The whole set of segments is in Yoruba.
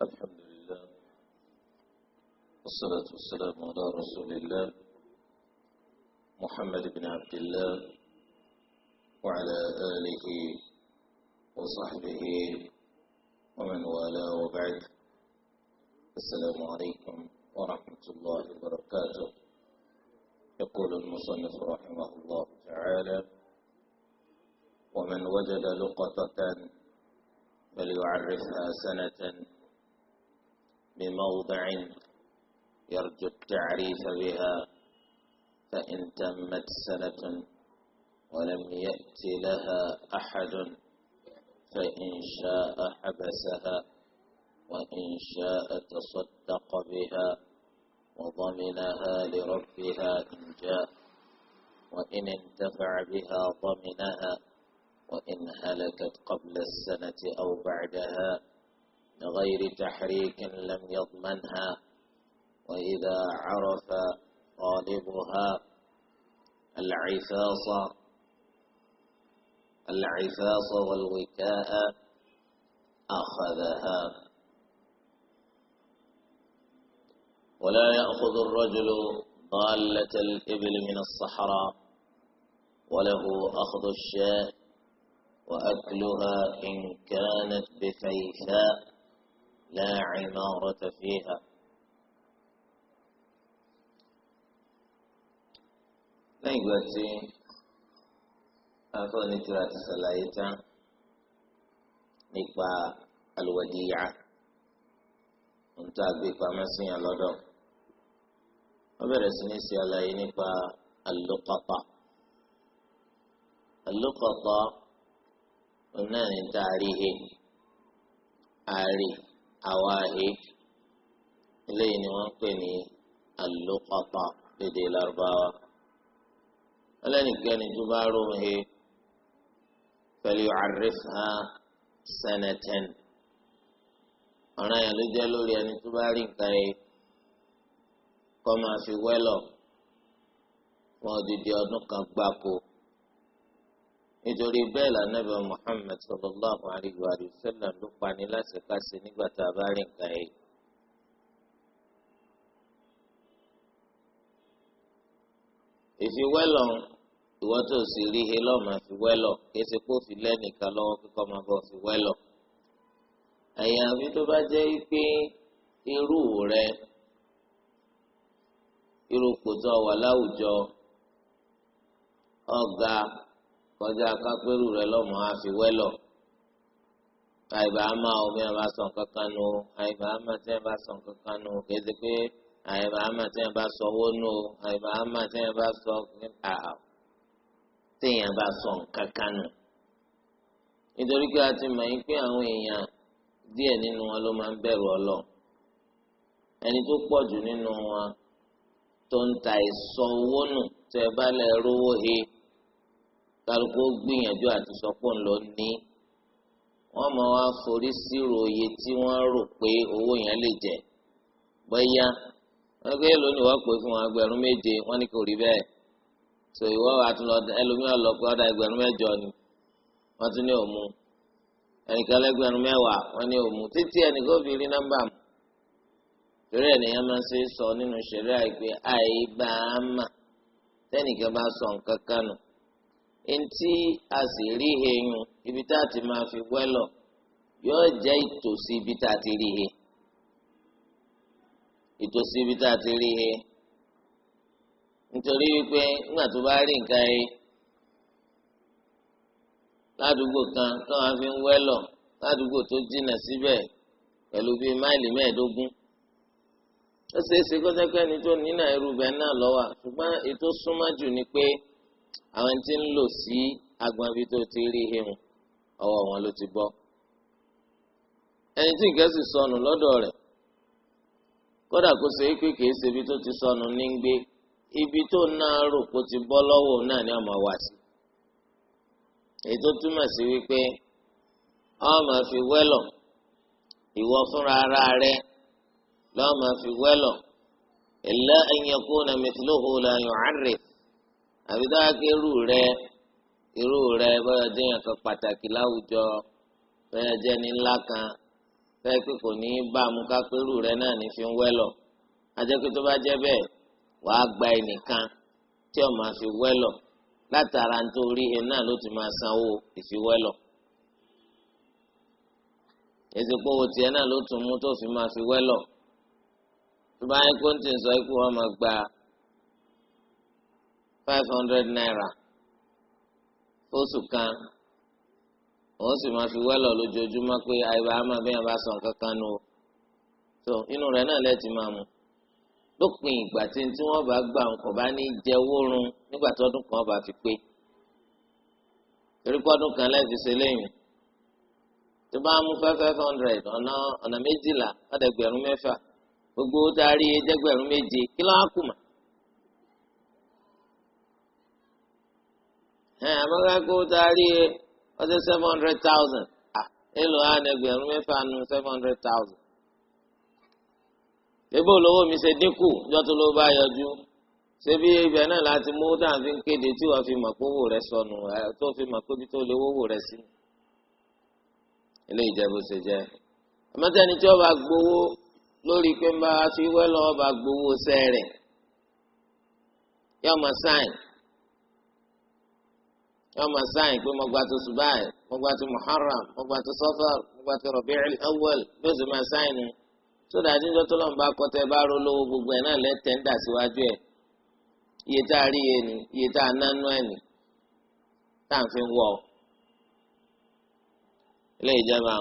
الحمد لله والصلاة والسلام على رسول الله محمد بن عبد الله وعلى آله وصحبه ومن والاه وبعد السلام عليكم ورحمة الله وبركاته يقول المصنف رحمه الله تعالى ومن وجد لقطة فليعرفها سنة بموضع يرجو التعريف بها فإن تمت سنة ولم يأت لها أحد فإن شاء حبسها وإن شاء تصدق بها وضمنها لربها إن جاء وإن انتفع بها ضمنها وإن هلكت قبل السنة أو بعدها لغير تحريك لم يضمنها وإذا عرف طالبها العفاص العفاص والوكاء أخذها ولا يأخذ الرجل ضالة الإبل من الصحراء وله أخذ الشاء وأكلها إن كانت بفيفاء لا عمارة فيها لن يغتي أفضل ثلاثة سلايتا نقبع الوديعة انتا بقبع مسيح الله وبرسني سيالي نقبع اللقطة اللقطة ونان تعريه عريه awaahid eléyìí ni wọ́n ń pè ní alluqata lédè Lárúbáwá ọlẹ́nìkẹ́ni tó bá róhe pẹ̀lú àrífà sẹ́nẹ̀tẹ́n ọ̀ràn yẹn ló jẹ́ lórí ẹni tó bá rí nǹkan yìí kọ́ máa fi wẹ́lọ̀ fún odidi ọdún kan gbáko nítorí bẹ́ẹ̀ lànàbẹ̀ Muhammad sallallahu alayhi wa sallam ló pani láti kásẹ̀ nígbà tá a bá rìn nǹkan yìí. ìfiwẹ́lọ̀ ìwọ tó sì rí he lọ́mọ ìfiwẹ́lọ̀ kése kó fi lẹ́nìkan lọ́wọ́ kíkọ́ máa bọ̀ ìfiwẹ́lọ̀. àyàfi tó bá jẹ́ pé irú rẹ irú kò wà láwùjọ ọ̀gá kọjá kápẹ́rù rẹ lọ́mọ àfiwẹ́lọ̀ àìbá máa omi àbá sọ nǹkan kan nù àìbá máa tẹ́ ẹ bá sọ nǹkan kan nù kéde pé àìbá máa tẹ́ ẹ bá sọ owó nù àìbá máa tẹ́ ẹ bá sọ àà téèyàn bá sọ nǹkan kan nù. nítorí pé a ti mọ̀ yín pé àwọn èèyàn díẹ̀ nínú wọn ló máa ń bẹ̀rù Ọlọ́run ẹni tó pọ̀ jù nínú wọn tó ń ta ìsọ owó nù tẹ́ ẹ bá lẹ̀ rówó he kálukú gbìyànjú àti sọpọ̀ ńlọ ní wọ́n mọ̀ wá forí sírò iye tí wọ́n rò pé owó yẹn lè jẹ́ bóyá wọ́n gbé lónìí wọ́n pè fún wọn ẹgbẹ̀rún méje wọ́n ní kò rí bẹ́ẹ̀ so ìwọ́ àtúnlọ ẹlòmíràn lọ pé ọ̀dà ẹgbẹ̀rún mẹ́jọ ni wọ́n tún ní òmu ẹnìkan lẹ́gbẹ̀rún mẹ́wàá wọ́n ní òmu títí ẹnìkan fi rí nọ́mbà mu torí ẹnìyàn máa ń ṣe sọ nínú ìṣẹ̀lẹ̀ àìpé àìbáàmà tẹ́nìkan bá sọ nǹkan kan ntí a sì rí he ibi tá a ti máa fi wẹ́lọ̀ yóò jẹ́ ìtòsí ibi tá ti rí he ìtòsí ibi tá ti rí he nítorí wípé nígbà tó bá rí nǹkan yìí ládùúgbò kan tó fi ń wẹ́lọ̀ ládùúgbò tó jìnnà síbẹ̀ pẹ̀lú bíi máìlì mẹ́ẹ̀ẹ́dógún ó ṣeé ṣe kó jẹ́ pé ẹni tó àwọn tí ń lò sí agbọ̀nbi tó ti rí ihun ọwọ́ wọn ló ti bọ́ ẹni tí nǹkan sì sọnù lọ́dọ̀ rẹ̀ kódà kó ṣe é pé ibi tó ti sọnù ní ń gbé ibi tó náà rò kó ti bọ́ lọ́wọ́ náà ni ọmọ wá sí èyí tó túmọ̀ sí wípé ọmọ fi wẹ́lọ̀ ìwọ fúnra ara rẹ lọ́mọ fi wẹ́lọ̀ illa an àbí dáhàkì irú rẹ irú rẹ bọ́yọ̀ jẹ́ yẹn kan pàtàkì láwùjọ bọ́yọ̀ jẹ́ ní ńlá kan bẹ́ẹ̀ pé kò ní í bá mu ká pé irú rẹ náà ní fi ń wẹ́lọ̀ ajẹ́ pé tó bá jẹ́ bẹ́ẹ̀ wàá gba ẹnìkan tí ó máa fi wẹ́lọ̀ látara nítorí ẹ̀ náà ló ti máa sanwó ìfiwẹ́lọ̀ èsìkò owó tiẹ̀ náà ló tún mú tó fi máa fi wẹ́lọ̀ tó bá yẹ kó ń tì sọ ikú wọn máa gba five hundred naira fóṣù kan òun sì máa fi wẹ́lọ̀ lójoojúmọ́ pé àìbá àmọ́ bí wọn bá sọ nǹkan kan nù o tó inú rẹ̀ náà lẹ́ẹ̀tì máa mu lópin ìgbà tí tí wọ́n bá gbà nǹkan bá ní jẹ wórun nígbà tí ọdún kan bá fi pé torí pé ọdún kan lẹ́ẹ̀fi ṣe lẹ́yìn tó bá mú five five hundred ọ̀nà ọ̀nà méjìlá ọ̀dẹ̀gbẹ̀rún mẹ́fà gbogbo ó darí ẹ̀ẹ́dẹ́gbẹ̀rún méje kí ló á kù ẹ eh, amagago taari yẹ ọsẹ seven hundred thousand ah èlò ànẹgbẹ̀rún mẹ́fà nù seven hundred thousand. ebe olówó mi ṣe dínkù ọjọ́ tó ló bá yọjú ṣé bí ibẹ̀ náà láti mú dàbí kéde tí wọ́n fi mọ̀ pé owó rẹ̀ sọnù tó fi mọ̀ pé bí tó lè wówó rẹ̀ sí. ilé ìjẹ́bù ṣe jẹ́ ọmọdéni tí wọ́n bá gbowó lórí pé ń bá fi wẹ́lọ́ ọba gbowó sẹ́rẹ̀ yọmọ sáìn yóò máa sáyìn pé mo gba tó subáì mo gba tó muharram mo gba tó safar mo gba tó rabi'il awwal bí o sì máa sáyìn ni sódà àdínjọ́ tó lọ́nba kọ́tẹ́ bá ró lówó gbogbo ẹ̀ náà lẹ́tẹ̀ẹ́ ń dà síwájú ẹ̀ iye tá a rí yẹn ni iye tá a nánú ẹ̀ ni tá à ń fi wọ̀ ọ́ ilé ìjọba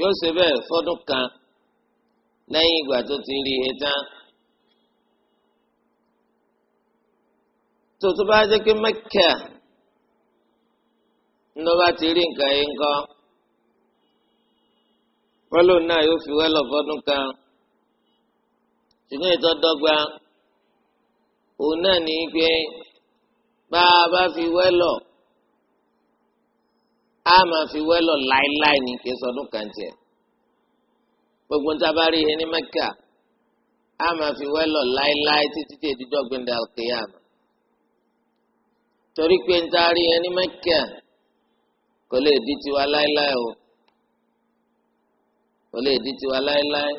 yóò ṣe bẹ́ẹ̀ fọ́dún kan lẹ́yìn ìgbà tó ti rí iye tán. tó tó bá jẹ́ pé mẹ́kẹ́ ńlọba ti rí nǹkan yìí ńkọ́ wọ́lọ́ náà yóò fi wẹ́lọ̀ fọ́dún kan ṣùgbọ́n ìtọ́ dọ́gba òun náà ní pé bá a bá fi wẹ́lọ̀ a máa fi wẹ́lọ̀ láéláé ní kí sọdún kan tiẹ̀ gbogbo níta bá rí ẹni mẹ́kà a máa fi wẹ́lọ̀ láéláé títí tí èdè dọ́gbìn torí pé níta rí ẹni mẹ́kà kò lè di tiwa láéláé o kò lè di tiwa láéláé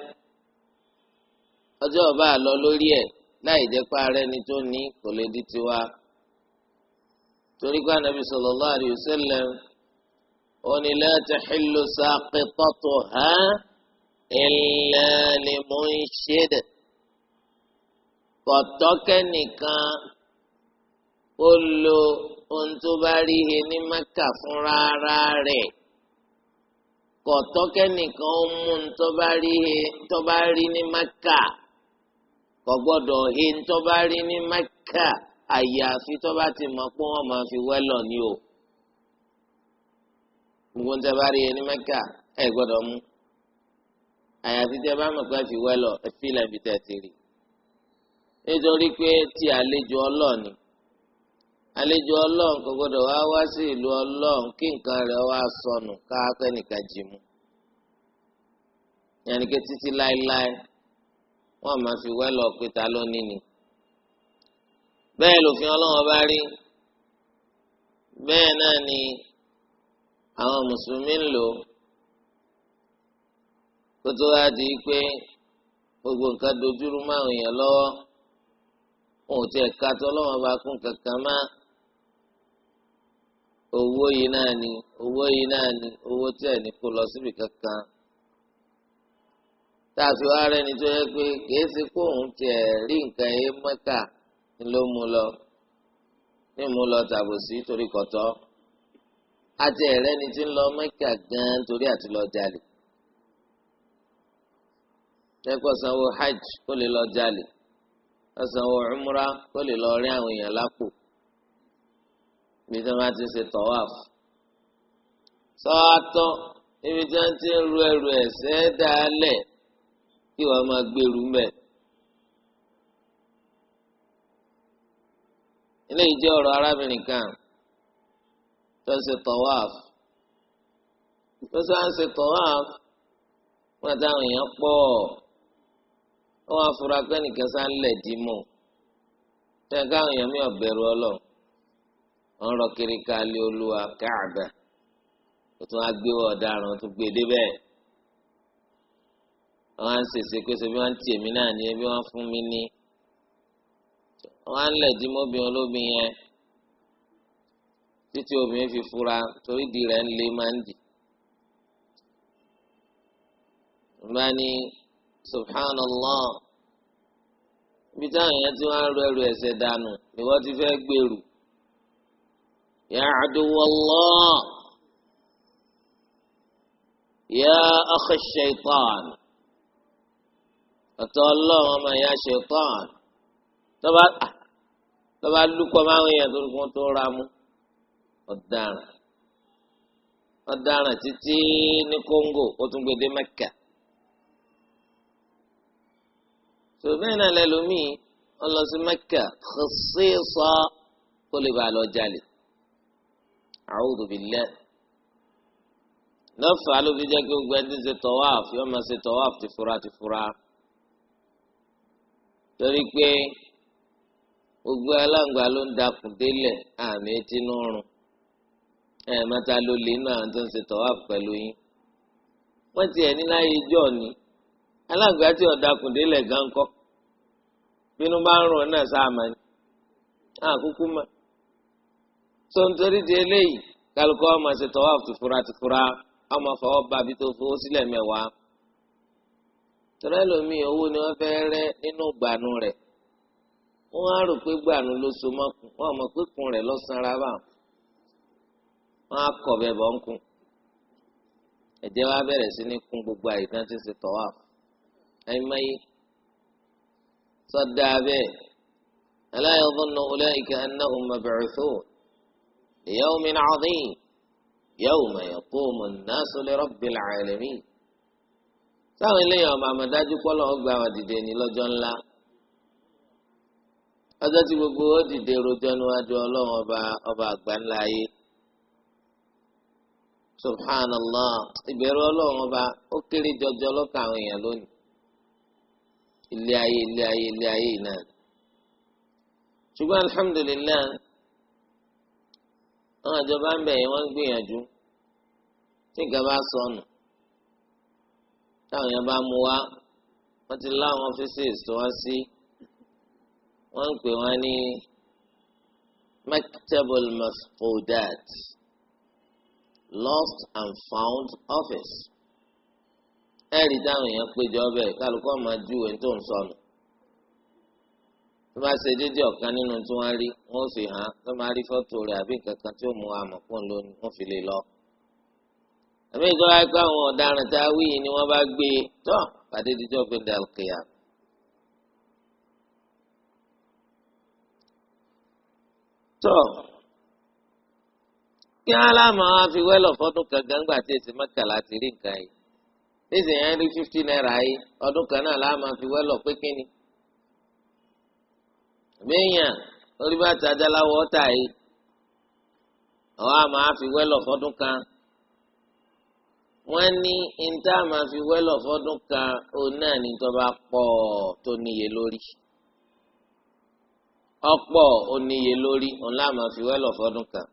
ọjọ́ ọba àlọ́ lórí ẹ̀ láì jẹ́ pé ara ẹni tó ní kò lè di tiwa torí pé anabi sallallahu alayhi wa sallam ó ní la tahillu saqitatuha illa limunshid kọ̀tọ́kẹ́ nìkan ó lo ohun tó bá rí he ní mẹ́kà fún rárá rẹ̀ kọ̀tọ́kẹ́nìkan ó mú ohun tó bá rí he tó bá rí ní mẹ́kà kò gbọ́dọ̀ he tó bá rí ní mẹ́kà àyàfi tó bá ti mọ̀ pé wọ́n máa fi wẹ́lọ̀ ni o gbogbo ohun tó bá rí he ní mẹ́kà ẹ̀ gbọ́dọ̀ mú àyàfi tẹ́ bá mọ̀ pé fi wẹ́lọ̀ ẹ fi lẹ́bi tẹ̀ ti nítorí pé ti àlejò ọlọ́ọ̀ni àlejò ọlọ́run kò gbọdọ̀ wá wá sí ìlú ọlọ́run kí nǹkan rẹ̀ wá sọnù káàpẹ́ nìkan jì mú yànníkẹ́ títí láéláé wọ́n máa fi wẹ́lọ̀ pé ta ló ní ni bẹ́ẹ̀ lòfin ọlọ́run bá rí bẹ́ẹ̀ náà ni àwọn mùsùlùmí ń lò kó tó wá di pé gbogbo nǹkan dojúrú máa ń yàn lọ́wọ́ wọn ò tiẹ̀ ka tọ́lọ́wọ́n bá kún kankan máa owó yìí náà ni owó yìí náà ni owó tí ẹ̀ ní kó lọ síbi kankan tá a fi wá rẹ ni tó yẹ pé kìí ṣe kó òun tiẹ̀ rí nǹkan yé mọ́kà ni ló mú lọ ní mú lọ tàbòsí torí kọ̀tọ́ àti ẹ̀rẹ́ ni ti ń lọ mọ́kà gan-an torí àti lọ jalè lẹ́kọ̀ọ́ sanwó hajj kó lè lọ jalè ọ̀sánwó umra kó lè lọ rí àwọn èèyàn lápò bí tí wọ́n ti ṣe tọ́wáf. sọ́wọ́tọ́ níbi tí wọ́n ti ń ru ẹrù ẹ̀sẹ̀ dálẹ̀ kí wọ́n máa gbèrú mẹ́. ilé ìjẹ́ ọ̀rọ̀ arábìnrin kan tó ń ṣe tọ́wáf. tó sọ ń ṣe tọ́wáf wọ́n táwọn èèyàn pọ̀ wọ́n á pé nìkan sá ń lẹ̀ dì mọ́ tẹ̀ káwọn èèyàn mi ò bẹ̀rù ọlọ́run. wọ́n rọ kiri ká lé olúwa káàbà ó tún á gbé ọ̀daràn tó gbé débẹ̀ wọ́n á ń sèse pé wọ́n ti èmi náà wọ́n fún mi ní wọ́n á ń lẹ̀dí mọ́bìnrin olóbìn yẹn títí fi fura torí di rẹ̀ ń lé máa ń dì. bá ní subhanallah ibi táwọn èèyàn ti wá ń rọ ẹrù dànù wọ́n ti fẹ́ يا عدو الله يا أخ الشيطان أتولى وما يا شيطان طبعا طبعا لكم ما هي تركون تورامو ọ̀daràn ọ̀daràn títí ní kóńgò ó tún gbé dé mẹ́kà. sòbẹ́ẹ̀ náà lẹ́lòmíì ó lọ sí mẹ́kà kìsísọ́ kó lè bàa lọ jalè. a'udhu billah lọ́fà ló fi jẹ́ pé gbogbo ẹni ṣe tọ́wáf yóò máa ṣe tọ́wáf tìfura tìfura torí pé gbogbo aláǹgbá ló ń dakùn délẹ̀ àmì tinú rùn ẹ̀ mẹ́ta ló lè náà tó ń ṣe tọ́wáf pẹ̀lú yín wọ́n ti ni aláǹgbá tí ò dakùn so nítorí di eléyìí kálukọ́ ọmọ ṣe tawaf tìfura tìfura ọmọ fọwọ́ bá bí tó fowó sílẹ̀ mẹ́wàá tọ́lẹ́lòmí owó ni wọ́n fẹ́ rẹ́ nínú gbànú rẹ̀ wọ́n á rò pé gbànú ló so mọ́kùn wọ́n mọ̀ pé kun rẹ̀ lọ́sàn-án rábà wọ́n á kọ̀ bẹ̀ bọ́ ń kun ẹ̀jẹ̀ wa bẹ̀rẹ̀ sí ní kun gbogbo àyíká tí ń ṣe tawaf ẹ̀mẹ́yì sọ́dà bẹ́ẹ̀ ala yadhunnu ulaika annahum mab'uthun ليوم عظيم يوم يقوم الناس لرب العالمين táwọn eléyàn ọmọ àmọdájú pọlọ ọgbà wà dìde ní lọ́jọ́ ńlá ọjọ́ tí gbogbo ó dìde rojọ́ níwájú Ọlọ́run ọba ọba àgbà ńlá ayé subhanallah ìbẹ̀rù Ọlọ́run ọba ó kéré jọjọ lọ́kà àwọn èèyàn lónìí ilé ayé ilé ayé ilé ayé náà ṣùgbọ́n alhamdulilayi àwọn ìjọba ń bẹ̀ yẹn wọ́n ń gbìyànjú tí nǹkan bá sọnù táwọn yẹn bá mú wá wọ́n ti láwọn ọ́fíìsìs tó wá sí wọ́n ń pè wọ́n ní maktabul mafqudat lost and found office ẹ̀rí táwọn yẹn péjọ bẹ́ẹ̀ kálukọ́ máa júwe tó ń sọnù tó bá ṣe déédéé ọ̀kan nínú tí wọ́n rí wọ́n fi hàn án tó máa rí fọ́tò rẹ̀ àbí nǹkan tí ó mú àmọ̀ lónìí wọ́n fi lè lọ. àbí ìjọba ẹgbẹ́ àwọn ọ̀daràn tá a wí yìí ni wọ́n bá gbé e tọ́ pàdé díjọ́ pé dàlùkìyà. tọ́ kí aláàmọ̀ á fi wẹ́lọ̀ fọ́dún kan gbàngbà tí èsì mọ́kànlá ti rí nǹkan yìí. nísìnyẹn rí fifty naira yìí ọdún kan náà láàmọ̀ fi wẹ́lọ̀ pé kíni àbẹ́yàn lórí bá ta dáláwọ̀ ọ̀tá yìí àwọn àmà àfi wẹ́lọ̀ fọ́dún kan wọ́n ní níta máa fi wẹ́lọ̀ fọ́dún kan òun náà ní tó bá pọ̀ tó níye lórí ọ̀pọ̀ oníye lórí òun láà máa fi wẹ́lọ̀ fọ́dún kan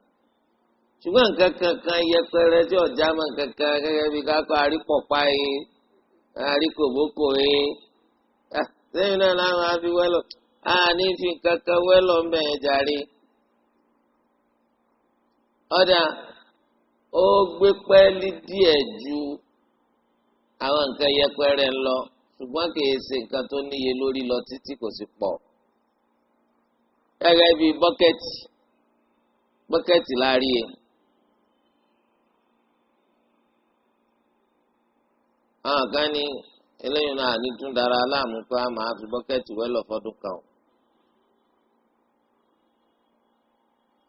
ṣùgbọ́n nǹkan kankan yẹpẹrẹ tí ọ̀já mọ̀ nǹkan gẹ́gẹ́ bí kákọ́ àrípọ̀pá yìí àríkòbókò yìí sẹ́yìn náà láà máa fi wẹ́lọ̀ a nífi kankan nkaka mbẹ́ yẹn jàre. ọ̀dà ó gbé pẹ́ẹ́lí díẹ̀ ju àwọn nǹkan yẹpẹrẹ ń lọ ṣùgbọ́n kì í ṣe nǹkan tó níye lórí lọ títí kò sì pọ̀. gẹ́gẹ́ bíi bọ́kẹ́tì bọ́kẹ́tì láàrí ẹ̀. E. àwọn kan ní eléyìí náà ní tún dára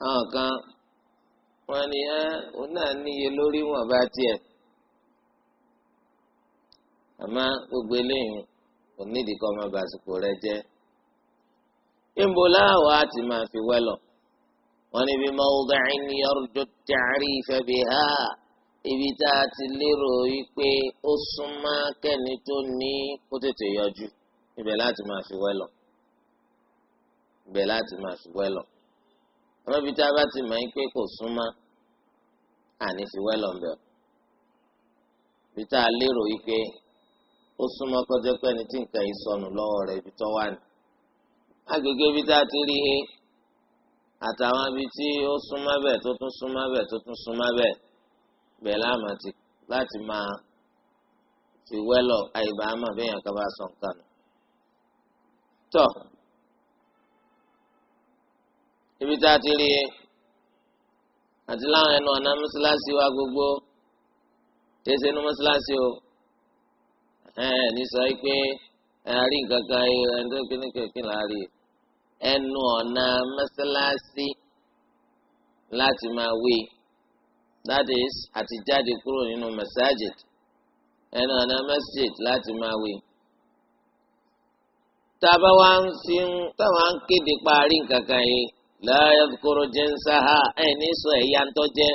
àwọn kan wọn ni ẹ òun náà níye lórí wọn bá tiẹ̀ àmọ́ gbogbo eléyìí kò nídìí kọ́ ọmọ bàsìkò rẹ jẹ́ níbo láwa ti máa fi wẹ́lọ̀ wọn níbi mawdi'in yarju at-ta'rifa biha ibi tá a ti lérò wípé ó súnmọ́ kẹ́ni tó ní kó tètè yọjú ibẹ̀ láti máa fi wẹ́lọ̀ ibẹ̀ láti máa fi wẹ́lọ̀ àmọ́ ibi tá a bá ti mọ̀ pé kò súnmọ́ àní fi wẹ́lọ̀ ńbẹ̀ ibi tá a lérò yìí pé ó súnmọ́ kọjá pé ẹni tí nǹkan yìí sọnù lọ́wọ́ rẹ̀ ibi tó wà ní. agbègbè ibi tá a ti rí he àtàwọn ibi tí ó súnmọ́ bẹ́ẹ̀ tó tún súnmọ́ bẹ́ẹ̀ tó tún súnmọ́ bẹ́ẹ̀ bẹ́ẹ̀ láàmà ti láti máa fi wẹ́lọ̀ àyíbá àmà bẹ́ẹ̀ yàn ká bá sọ nǹkan nù. tọ́ ibi tá a ti rí i àti láwọn ẹnu ọ̀nà mọ́ṣáláṣí wa gbogbo tẹ̀sí inú mọ́ṣáláṣí o ní sọ pé àárí nǹkan kan ẹni tó kíní kẹ̀kẹ́ láàárín ẹnu ọ̀nà mọ́ṣáláṣí láti máa wí that is àti jáde kúrò nínú masajid ẹnu ọ̀nà masjid láti máa wí. tá a bá wá ń sin táwọn á ń kéde parí nǹkan kan yìí láyé kúrò jẹ́nsá ha ẹ̀ ní sọ ẹ̀yà ń tọ́jẹ́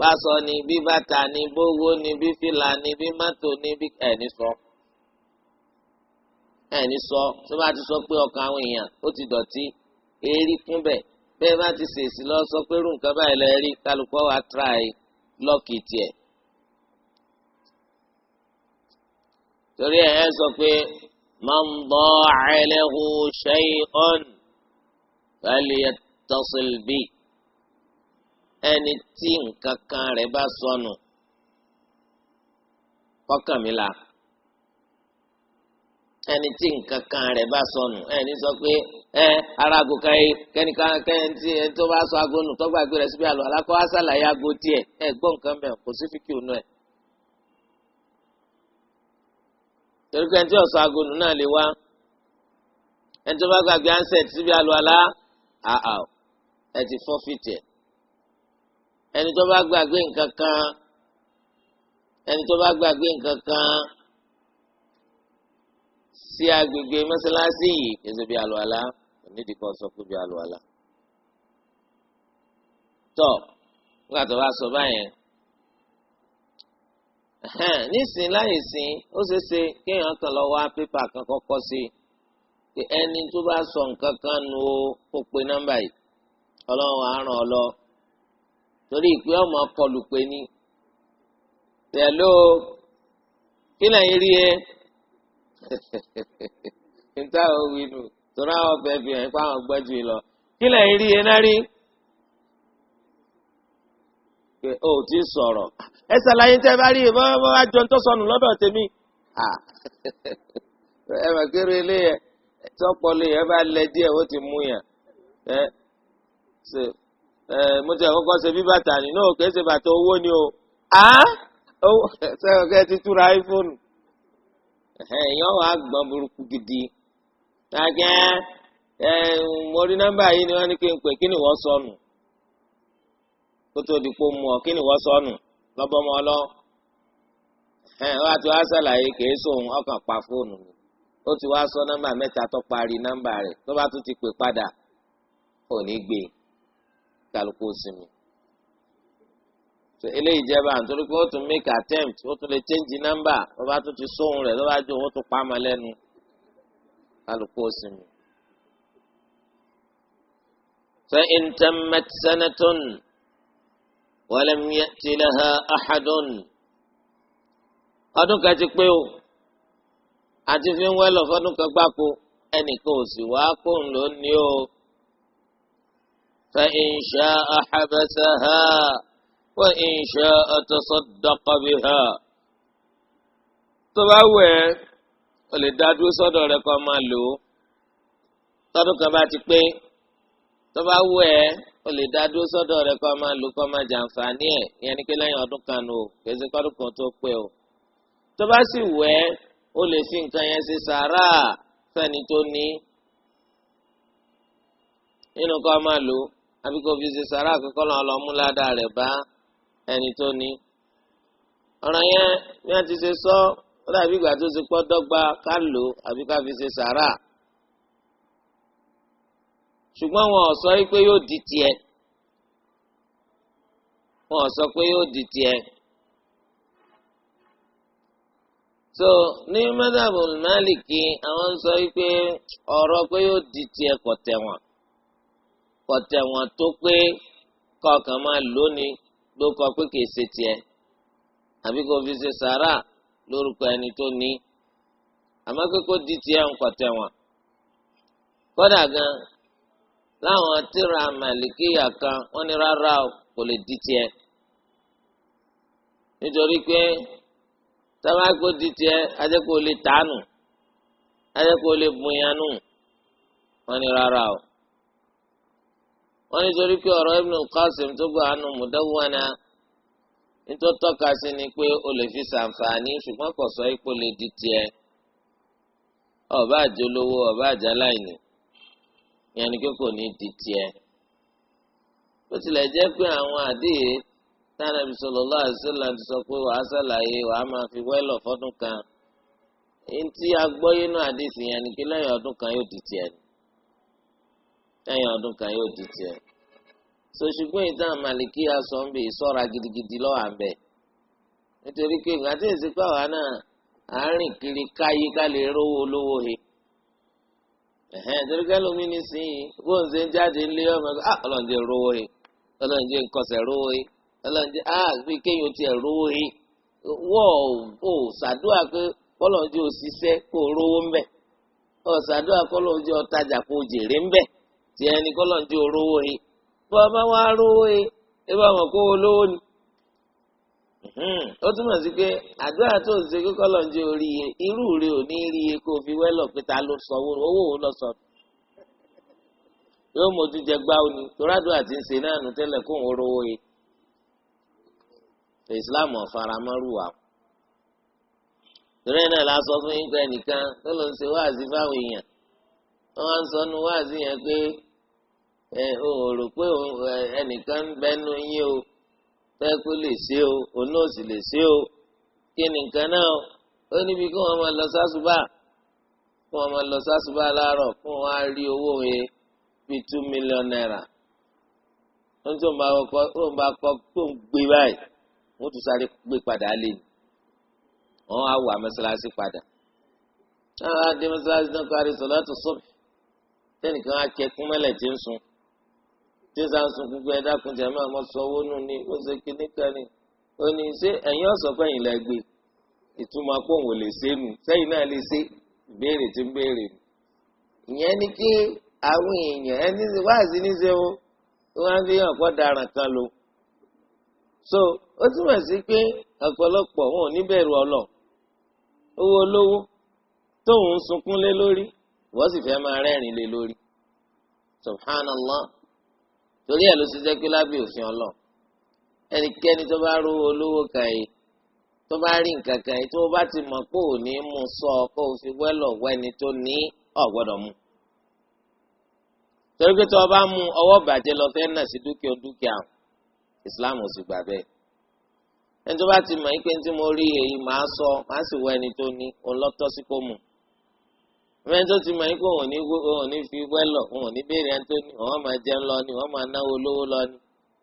bá sọ ni bí bàtà ni bówó ni bí fìlà ni bí mọ́tò ni bí ẹ̀ ní sọ. ẹ̀ ní sọ tó bá ti sọ pé ọkàn àwọn èèyàn ó ti dọ̀tí èérí kún bẹ̀ bẹ́ẹ̀ bá ti ṣèṣì lọ sọ pé irú báyìí lẹ rí kálukọ́ wa tíráì lọ́ọ̀kì tiẹ̀. torí ẹ̀ ẹ́ sọ pé man da'a lahu shay'un falyat tasil bi ẹni tí nǹkan kan rẹ̀ bá sọnù kọ́kàn mi la ẹni tí nǹkan kan rẹ̀ bá sọnù ẹni sọ pé ẹ ara àgò kan yìí kẹ́nìkan kẹ́ni tí ẹni tó bá sọ aago nù tọ́gbà gbé rẹ̀ síbi àlọ́ alákọ̀ á ṣàlàyé aago ẹ gbọ́ nǹkan mẹ́ kò sí fíkì òun ẹ̀. torí pé ẹni tí ọ̀sọ́ aago nù náà lè wá ẹni tó bá gbàgbé ansẹ̀t síbi àlọ́ alá àà ẹ ti fọ́fìtì ẹ̀ ẹni tó bá gbàgbé nǹkan kan ẹni tó bá gbàgbé nǹkan kan sí agbègbè mọ́sálásí yìí èso bíi àlùwàlá onídìí kan sọ pé bíi àlùwàlá tọ nígbà tó bá sọ báyẹn nísìnyí láyè sìn ó ṣeé ṣe kéèyàn kan lọ wá pépà kan kọ́kọ́ sí pé ẹni tó bá sọ nǹkan kan nu ó kó pe nọ́mbà yìí. ọlọ́run àárọ̀ ọlọ torí ìpè ọmọ kọlù pé ní tẹ̀ló kí lẹ́yìn rí ẹ níta òwì nù torí àwọn ọbẹ̀ fi hàn gbẹ́jú lọ kí lẹ́yìn rí ẹ náà rí pé o ti sọ̀rọ̀ ẹ ṣàlàyé tẹ́ bá rí ẹ bọ́ bọ́ àjọ tó sọnù lọ́dọ̀ tèmi ẹ kéré ilé yẹ lè yẹ bá lẹ ti mú yàn ṣe ẹ mo ti àkọ́kọ́ ṣe bí bàtà ni náà kìí ṣe bàtà owó ni o á owó ṣẹ́wọ̀n kẹ́ ti túra iPhone èèyàn wàá gbọ́n burúkú gidi tàgẹ́ ẹ mo rí nọ́mbà yìí ni wọ́n ní kí n pè kí ni wọ́n sọnù kó tó di pò ọ kí ni sọnù wá ti wá ṣàlàyé kìí sóhun ọkàn pa fóònù ó ti wá sọ tó parí tó bá tún ti kálukú sinmi so eléyìí jẹ́ báyìí nítorí pé ó tún make attempt ó tún lè change number ló bá tún ti sóhun rẹ̀ ló bá jó ó tún pa á mọ́ lẹ́nu kálukú sinmi. فإن تمت سنة ولم يأت لها أحد ọdún kan ti pé o àti fi ń wẹ́lọ̀ fọdún kan gbáko ẹnìkan ò sì wá kóun ló ní o. فإن شاء حبسها وإن شاء تصدق بها tó bá wẹ̀ ó lè dá dúró sọ́dọ̀ rẹ̀ kó máa lò ó tọ́dún kan bá ti pé tó bá wẹ̀ ó lè dá dúró sọ́dọ̀ rẹ̀ kó máa lò kó máa jàǹfààní ẹ̀ ìyẹn ni pé lẹ́yìn ọdún kan nù o kèsì kọ́dún kan tó pé o tó bá sì wẹ̀ ó lè fi nǹkan yẹn ṣe sàárà fẹ́ni tó ní nínú kó máa lò ó àbí kò fi ṣe sàrà àkọ́kọ́ náà lọ mú ládàá rẹ̀ bá ẹni tó ní. ọ̀ràn yẹn bí wọ́n ti ṣe sọ ó dàbí ìgbà tó ṣe pọ́ dọ́gba ká lò àbí ká fi ṣe sàrà. ṣùgbọ́n wọn ò sọ pé yóò di tiẹ̀ wọn ò sọ pé yóò di tiẹ̀. so ní madhabu Maliki àwọn sọ pé ọ̀rọ̀ pé yóò di tiẹ̀ kò tẹ̀ kọtẹ wọn tó pé kọkàn máa lónìí ló kọ pé kìí ṣe tiẹ̀ àbí kò fi ṣe sàárà lórúkọ ẹni tó ní àmọ́ pé kó di tiẹ̀ ń kọtẹ wọn. kódà gan láwọn tíra màlìkíyà kan wọ́n ní rárá o kò lè di tiẹ̀ nítorí pé tábàkó di tiẹ̀ ajẹ́kọ̀ọ́ lè tánù ajẹ́kọ̀ọ́ lè bùnyánù wọ́n ní rárá o wọ́n nítorí pé ọ̀rọ̀ Ibn al-Qasim tó gba àánú Mudawwana nítorí tọ́ka sí ni pé o lè fi ṣàǹfààní ṣùgbọ́n kò sọ ipò lè di tiẹ̀ ọba àjọlówó ọba àjàláìní ìyẹn ni pé kò ní di tiẹ̀ bó tilẹ̀ jẹ́ pé àwọn àdéhìí tánàbí sallallahu alaihi wasallam ti sọ pé wàá ṣàlàyé wàá máa fi wẹ́lọ̀ fọ́dún kan ntí agbọ́yé náà àdéhìí yẹn ni pé lẹ́yìn ọdún kan yóò di tiẹ̀ ni. lẹ́yìn ọdún kan yóò di so ṣùgbọ́n ìtàn màlìkí aṣọ ń gidigidi lọwọ àbẹ̀ nítorí pé ìgbà tí náà à kiri káyé ká lè rówó olówó he. toríkẹ́ bóun ṣe ń jáde ọmọ ah ọlọ́run jẹ́ rówó he ọlọ́run jẹ́ nkọsẹ̀ rówó he ọlọ́run ah rówó he tí ẹni kọ́lọ̀ ń di orówó yìí bọ́ ọba wa rówó yìí ẹ bá wọn kó olówó ni. ó túmọ̀ sí pé àdúrà tó ń ṣe kí kọ́lọ̀ ń di orí yìí irú rẹ ò ní rí iye kó o fi wẹ́lọ̀ pé ta ló sọ owó òun lọ sọ. yóò mójú jẹ gbá òní torádùn àti ń ṣe náà nù tẹ́lẹ̀ kó òun rówó yìí. Islam ọ̀faramọ́rùwà torí náà la sọ fún yín pé ẹnìkan tó ló ń ṣe wáàzí fáwọn èèyàn wọ́n wá sọ nu wáàzí yẹn pé ẹ o rò pé ẹnìkan ń bẹnu yín o tẹ́kù lè ṣe o òun náà sì lè ṣe o kí nìkan náà ó níbi kí wọ́n máa lọ sásùbà kí wọ́n máa lọ sásùbà láàárọ̀ kí wọ́n á rí owó yẹn bíi two million naira ó ń tó ń bá kọ́ ó ń bá kọ́ tó ń gbé báyìí wọ́n tún sáré gbé padà lé ní wọ́n á wà mọ́ṣáláṣí padà táwọn á dé mọ́ṣáláṣí náà kárí sọ̀lá tó sọ̀rọ̀ tẹ́nìkan á kẹ́kún mẹ́lẹ̀ tí ń sun. tí ó sàn gbogbo ẹ̀dá kun jẹ̀mọ́ sọ owó nù ni ó ṣe kíní kan ni ó ní ṣé ẹ̀yin ọ̀sọ̀ fẹ̀yìn lẹ gbé òun lè ṣe nù sẹ́yìn náà lè ṣe tí ń béèrè nù ìyẹn ni kí àwọn èèyàn ẹni wáàzí o wọn fi wọn ò ní ọlọ owó olówó tóun sunkún lé lórí wọ́n sì fẹ́ máa rẹ́rìn subhanallah torí ẹ̀ ló ṣe jẹ́ pé lábẹ́ òfin ọlọ́ ẹnikẹ́ni tó bá rú olówó kan yìí tó bá rí nǹkan kan yìí tó bá ti mọ̀ pé ò ní mú sọ kó o fi wẹ́lọ̀ wẹ́ni tó ní ọ̀gbọ́dọ̀ mú torí pé tó o bá mú ọwọ́ bàjẹ́ lọ fẹ́ nà sí dúkìá dúkìá Islam ò sì gbà bẹ́ẹ̀ ẹni tó bá ti mọ̀ yìí pé mo rí èyí màá sọ màá sì wẹ́ni tó ní òun lọ́tọ́ sí kó mú fẹ́ẹ́ tó ti mọ̀ yín pé òun ní òun ní fi wẹ́lọ̀ òun ní béèrè ẹni tó ní òun máa jẹun lọ ni òun máa náwó lówó lọ ni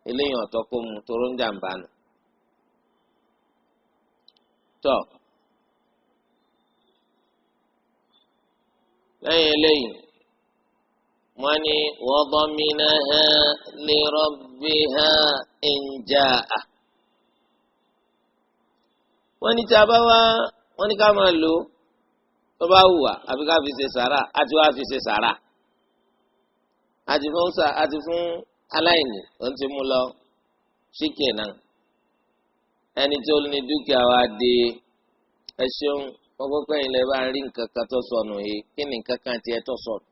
eléyìí ọ̀tọ̀ kó mu toró ń jàǹbá nù. tọ́ lẹ́yìn eléyìí wọ́n ní wadhaminaha li rabbiha in jaa'a. wọ́n ní tí a bá wá wọ́n ní ká máa lò ó tó bá wù wá àfi ká fi ṣe sàrà àti wá fi ṣe sàrà àti fún sà àti fún aláìní ó ti mú lọ ṣíkè náà ẹni tó ní dúkìá wa di ẹ ṣeun wọn kọ́kọ́ yìí lẹ bá ń rí nǹkan kan tó sọnù yìí kí ni nǹkan kan tiẹ̀ tó sọnù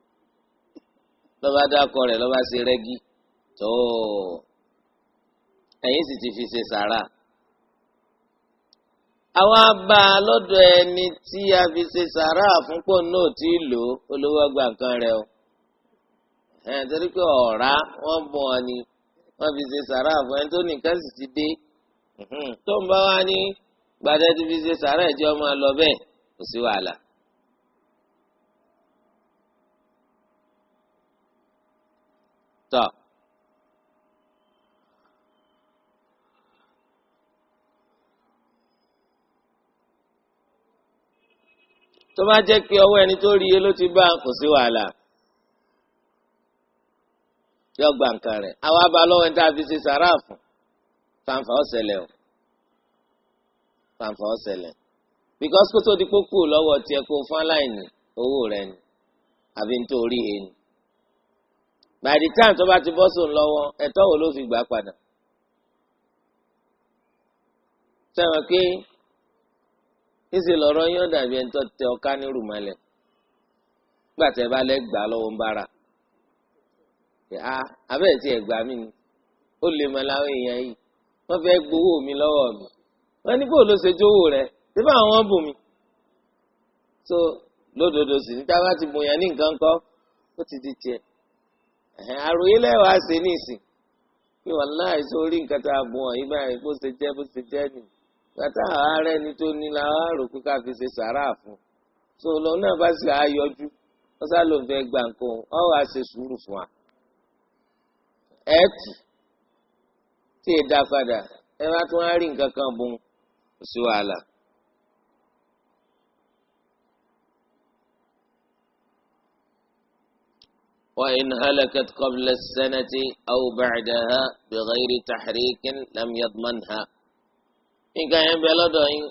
lọ́ba dákọ rẹ̀ lọ́ba ṣe rẹ́gí tó ẹ̀yìn sì ti fi ṣe sàrà àwa bá a lọ́dọ̀ ẹni tí a fi ṣe sàrà àfúnpọ̀ náà tí ì lò olówó ọgbà nǹkan rẹ o ẹ̀ torí pé ọ̀rá wọ́n bọ̀ ọ ni wọ́n fi ṣe sàrà àfún ẹni tó nìkan sì ti dé tó ń bá wa ní gbadé tó fi ṣe sàrà ẹ̀jẹ̀ ọmọ lọ bẹ́ẹ̀ kò sí wàhálà. tọ́ tó bá jẹ́ pé ọwọ́ ẹni tó rí iye ló ti bá kò sí wàhálà yọ gba nǹkan rẹ̀ àwa bá lọ́wọ́ ẹni tá a fi ṣe sàráàfù fanfa ọ̀sẹ̀lẹ̀ o fanfa ọ̀sẹ̀lẹ̀ because kó tó di kókó lọ́wọ́ tiẹ̀ kó fún aláìní owó rẹ̀ ni àbí nítorí ẹni e by the time tó bá ti bọ́ sóun lọ́wọ́ ẹ̀tọ́ wo ló fi gbà padà sẹ́wọ̀n pé níṣẹ́ lọ́rọ́ yóò dàbí ẹni tó tẹ ọká ní rùmọ́lẹ̀ nígbà tẹ́ bá lẹ́ gbà lọ́wọ́ ń bára abẹ́ẹ̀ tí ẹ̀ gbà mí ni ó lè mọ láwọn èèyàn yìí wọ́n fẹ́ gbowó mi lọ́wọ́ mi wọ́n ní bóòlù ṣe jówó rẹ̀ síbẹ̀ àwọn bù mí. so lódodo sì ní táwa ti bùn yàn ní nǹkan kọ́ ó ti di tiẹ̀ àròyé lẹ́wàá ṣe ní ìsìn pé wàláì sórí nǹkan tá a bùn ọ̀ yìí báyìí bó ṣe jẹ́ bó ṣe jẹ́ nìyí gbàtà ààrẹ ni tó ní la wá rò pé ká ṣe sàrà fún so lọ náà bá sì á wọn sá ló ń fẹ́ gbà nǹkan ọ wàá ṣe sùúrù fún wa ẹ tì tí ì dá padà ẹ má tún á rí nǹkan kan bùn kò sí wàhálà. وإن هلكت قبل السنة أو بعدها بغير تحريك لم يضمنها nǹkan yẹn ń bẹ lọ́dọ̀ yín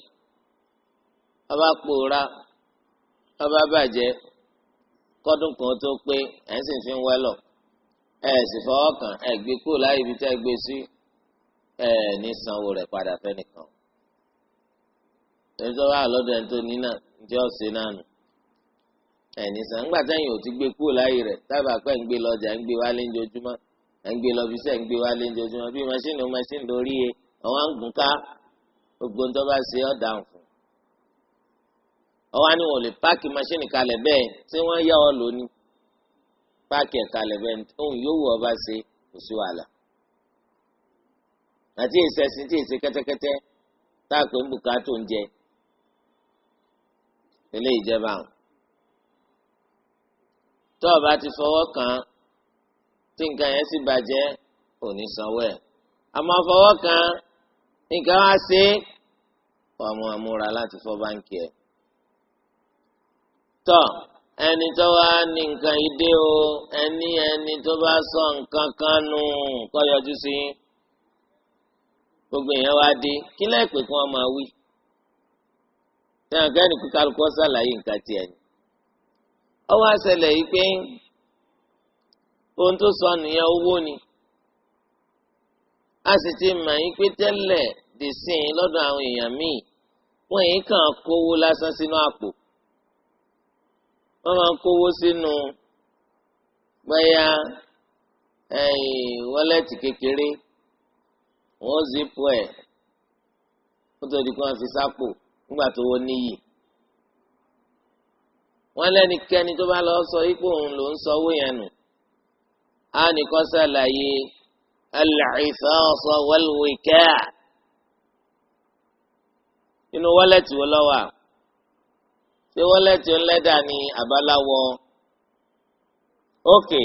ọba pòórá ọba bàjẹ́ kọ́dún kan tó pé ẹ̀ ń sì fi ń wẹ́lọ̀ ẹ̀ sì fọwọ́ kàn ẹ̀ gbé kúrò láyé ibi tí ẹ gbé sí ẹ̀ ní sanwó rẹ̀ padà fẹ́nìkan. ẹni wà lọ́dọ̀ ẹni tó ní náà náà nù ẹ̀ ní san ńgbà tẹ́yìn ò ti gbé kúrò láyé rẹ̀ tábà ń gbé ń bí lórí àwọn e, gbogbo ń tọ́ba ṣe ọ́ dáhùn fún ọwọ́ ni wọ́n lè páàkì maṣíìnì kalẹ̀ bẹ́ẹ̀ tí wọ́n yá ọ lóní páàkì ẹ̀ kalẹ̀ bẹ́ẹ̀ ohun yóò wù ọba ṣe kò sí wàhálà àti ìṣẹ̀sìn tí ìṣe kẹ́tẹ́kẹ́tẹ́ tá a pè ń bùkátà oúnjẹ ilé ìjẹba tó o ti fọwọ́ kàn án tí nǹkan yẹn sì bàjẹ́ ò sanwó ẹ̀ àmọ́ fọwọ́ kàn án nǹkan wá sí wàá mú amúra láti fọ́ báńkì ẹ̀ tọ́ ẹni tó wá ní nǹkan yìí dé o ẹni ẹni tó bá sọ nǹkan kan nù kọ́ yọjú sí gbogbo èèyàn wá dé kí lẹ́ẹ̀pẹ̀ kí wọ́n máa wí ní àgbẹ̀ ní kíkálukọ́ sàlàyé nǹkan tiẹ̀ ni ọwọ́ àṣẹlẹ̀ yìí pé ohun tó sọ nìyẹn owó ni a sì ti mọ̀ yín pé tẹ́lẹ̀ dèsìn lọ́dọ̀ àwọn èèyàn míì wọ́n yìí kàn kówó lásán sínú àpò wọ́n máa ń kówó sínú bẹ́yà wọ́lẹ́tì kékeré wọ́n zipu ẹ̀ kó tó di kó wọ́n fi sápò nígbà tó wọ́n níyì wọ́n lẹ́nikẹ́ni tó bá lọ sọ ipò òun ló sọ owó yẹn nù á ní ṣàlàyé. العفاص والوكاع inú wọ́lẹ̀tì wo ló wà ṣé wọ́lẹ̀tì ńlẹ́dà ni àbáláwọ̀ ókè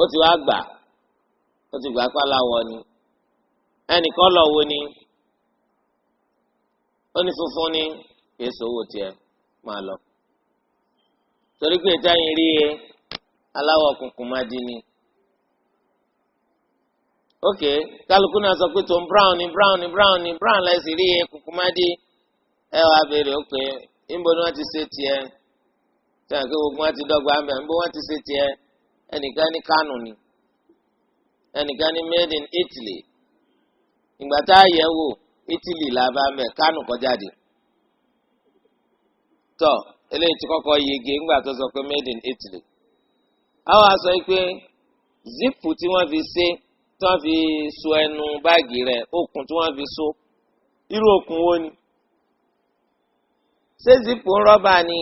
ó ti wá gbà ó ti gbà pàláwọ̀ ni ẹnìkan lọ wo ni ó ní funfun ni kì í sòwò tiẹ̀ lọ torí pé ìtẹ́yìn rí e aláwọ̀ kùnkùn má dín ni. ok kálukú náà sọ pé tòun brown ni brown ni brown ni brown lẹ́sìn rí kùkùmádì ẹ wá béèrè ó pé níbo ni wọ́n ti ṣe tiẹ̀ sẹ́yìn pé gbogbo wọn ti dọ́gba ń níbo wọ́n ti ṣe tiẹ̀ ẹnìkan ní Kánò ni ẹnìkan ní made in Italy ìgbà tá a yẹ̀ wò Italy là bá ń bẹ̀ Kánò kọjáde tọ́ eléyìí ti kọ́kọ́ yege ńgbà tó sọ pé made in Italy àwọn aṣọ yìí pé zipu tí wọ́n fi ṣe. tí wọ́n fi so ẹnu báàgì rẹ̀ okùn tí wọ́n fi so irú okùn wo ni ṣé zipo rọ́bà ni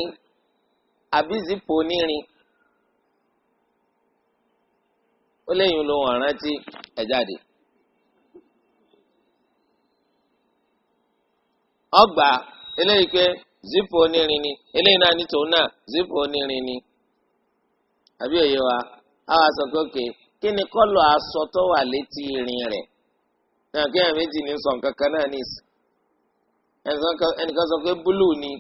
àbí zipo nírin ó léyìn ló wọ́n rántí ẹ̀ jáde. ọgbà eléyìí pé zipo onírin ni eléyìí náà ní tòun náà zipo onírin ni àbí òye wa á wá sọ pé òkè kí kọlọ kọ́lọ̀ aṣọ tó wà létí irin rẹ náà kí ẹ̀yàn méjì ní sọ nǹkan kan náà ní ìsìn ẹnìkan sọ pé búlù ni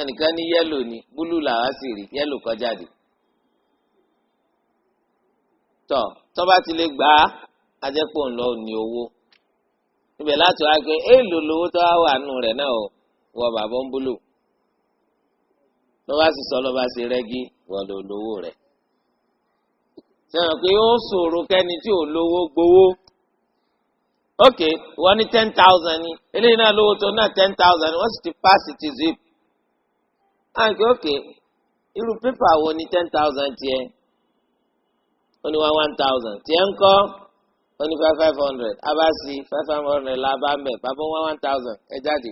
ẹnìkan ní ni búlù làwa sì rí yẹ́lò kọjá tọ ti lè gbà á ajẹ́pọ̀ ńlọ ní owó ibẹ̀ láti wá pé èèlò lówó tó wà nù náà o wọ bàbá ń búlù sì sọ sì sẹ́wọ̀n pé ó ṣòro kẹ́ni tí ò lówó gbowó ok wọ́n ní ten thousand ni eléyìí náà lówó tó náà ten thousand wọ́n sì ti It ti zip àǹkì ok irú pépà wo ni ten thousand tiẹ̀ ó ní one one thousand tiẹ̀ ń kọ́ ó ní five five hundred abasi five five hundred la bá mẹ́ bàbá one one thousand ẹ jáde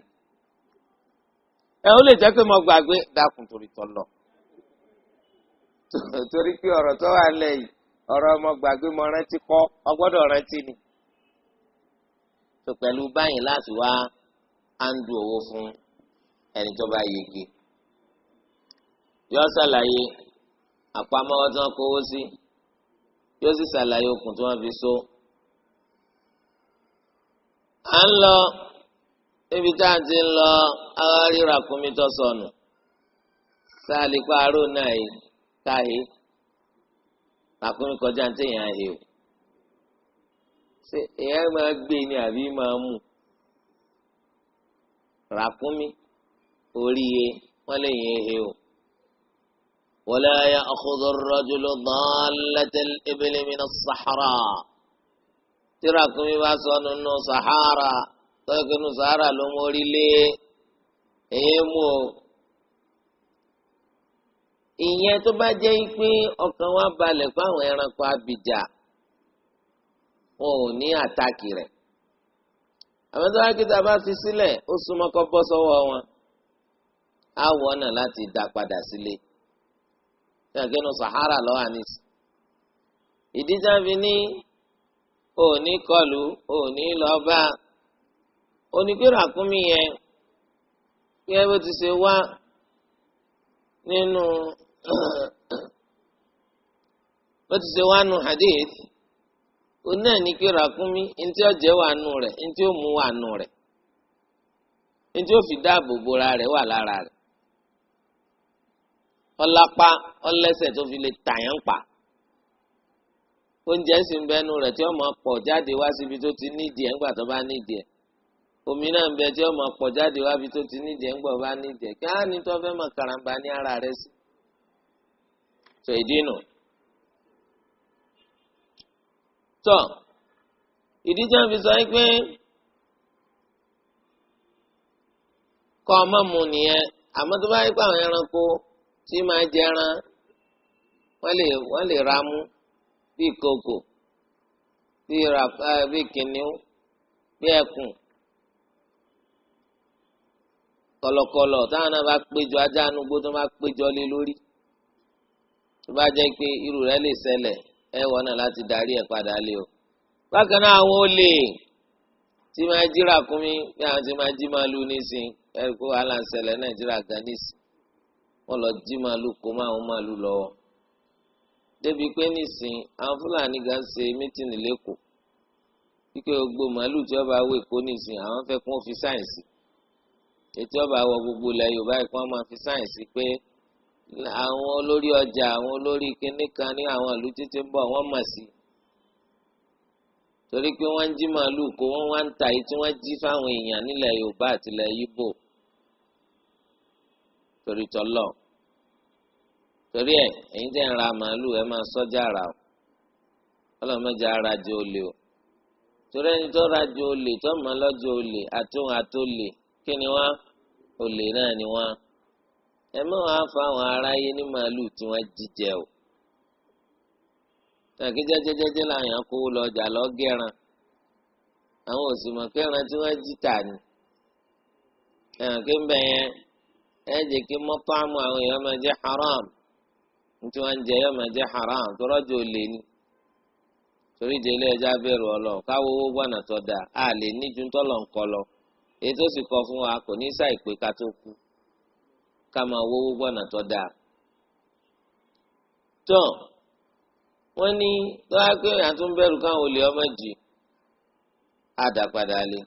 ẹ ó lè jẹ́ pé mo gbàgbé dákun torí tọ́ lọ torí pé ọ̀rọ̀ tó wà lẹ́yìn ọ̀rọ̀ ọmọ gbàgbé mọ rántí kọ́ ọgbọ́dọ̀ rántí ni. tó pẹ̀lú báyìí láti wá á ń du owó fún ẹni tó bá yege. yóò ṣàlàyé àpamọ́wọ́ tí wọ́n kówó sí yóò sì ṣàlàyé okùn tí wọ́n fi so. à ń lọ níbi tá à ń ti lọ ara ríra tó sọnù sáà lè pa aró náà yìí káyìí ràkúnmí kọjá ní téèyàn he o ṣé èèyàn máa gbé ni àbí máa mú ràkúnmí oríye wọn lè yẹn he o. ولا يأخذ الرجل ضالة الإبل من الصحراء تراكم يباسون النو صحارى تراكم صحارى لمولي لي إيمو ìyẹn tó bá jẹ́ pé ọkàn wa balẹ̀ fún àwọn ẹranko abìjà wọn ò ní àtàkì rẹ̀ àwọn tó bá kí tá a bá fi sílẹ̀ ó súnmọ́ kó bọ́ sọ́wọ́ wọn á wọ ọ̀nà láti dá padà sílé ní àgẹnu Sahara lọ́wọ́ àníṣe ìdíjà fi ní òní kọlù òní lọ́ba onígbèrò àkúnmí yẹn kí ẹ bó ti ṣe wá nínú wọ́n ti ṣe wá nu hadith òun náà ní pé ràkúnmí ntí ó jẹ́ wà nù rẹ ntí ó mú wà nù rẹ̀ ntí ó fi dáàbò bora rẹ̀ wà lára rẹ̀ ọlápá ọlẹ́sẹ̀ tó fi lè tàyàn pa oúnjẹ sì ń bẹnu rẹ̀ tí ó máa pọ̀ jáde wá síbi tó ti nídìí ẹ̀ ńgbà tó bá nídìí ẹ̀ omi náà ń bẹ tí ó máa jáde wá síbi tó ti nídìí ẹ̀ ńgbà tó bá nídìí ẹ̀ kí ní tó fẹ́ mọ̀ ní ara rẹ̀ sí. sọ ìdí nù. tọ́ ìdí tí wọ́n fi sọ yín pé kọ́ ọmọ mu nìyẹn àmọ́ tó bá yẹ pé àwọn ẹranko tí máa jẹran wọ́n lè wọ́n lè ra mú bíi kòkò bíi ra bíi kìnìún bíi ẹkùn kọ̀lọ̀kọ̀lọ̀ táwọn náà bá péjọ ajá anugbó tó máa péjọ lé lórí tó bá jẹ́ pé irú rẹ̀ lè ṣẹlẹ̀ ẹ wọ́n náà láti darí ẹ̀ padà lé o. bákan náà àwọn olè tí máa jí ràkúnmí bí àwọn tí máa jí màálù nísìn ẹ̀rí kó wàhálà ń ṣẹlẹ̀ nàìjíríà gan nísìn wọ́n lọ jí màálù kó máa ń màálù lọ́wọ́. débi pé nísìn àwọn fúlàní gan ṣe mítìnì lẹ́kọ̀ọ́ kíkẹ́ gbogbo màálù tí wọ́n bá wé kó nísìn àwọn fẹ́ kún fi sáyẹ̀nsì ètò ọba wọ gbogbo ilẹ̀ yorùbá ẹ̀kọ́ máa fi sáyẹ̀nsì pé àwọn olórí ọjà àwọn olórí kinní kan ní àwọn ìlú títí ń bọ̀ wọ́n mọ̀ sí torí pé wọ́n ń jí màálù kó wọ́n wá ń ta èyí tí wọ́n jí fáwọn èèyàn nílẹ̀ Yorùbá àti ilẹ̀ Yíbò torí tọ́lọ̀ torí ẹ̀ ẹ̀yin tẹ́ ń ra màálù ẹ̀ máa sọ́jà rà o ọlọ́mọdé ara di olè o torí ẹni tó ra di olè tó mọ̀ lọ́jọ́ olè àtúnwá tó lè kí ni wọ́n olè náà ni wọ́n. ẹ mọ wàá fa àwọn aráyé ní màálù tí wọ́n jíjẹ o tàbí jẹjẹjẹjẹ làwọn kówó lọjà lọgẹran àwọn òsì mọ kẹran tí wọ́n jí tà ní kí n bẹ yẹn ẹ haram tí wọ́n jẹ yẹn máa jẹ haram tó rọjò lè ní torí ìdílé káwọ owó gbọnà tó a lè ní ju tọlọ fún wa kò ní sàìpé ká tó Kama máa wọ́wọ́ gbọ́nà tó dáa. tó wọ́n ní tọ́wá pé àtúnbẹ̀rù káwọn olè ọmọ jì á dá padà lé.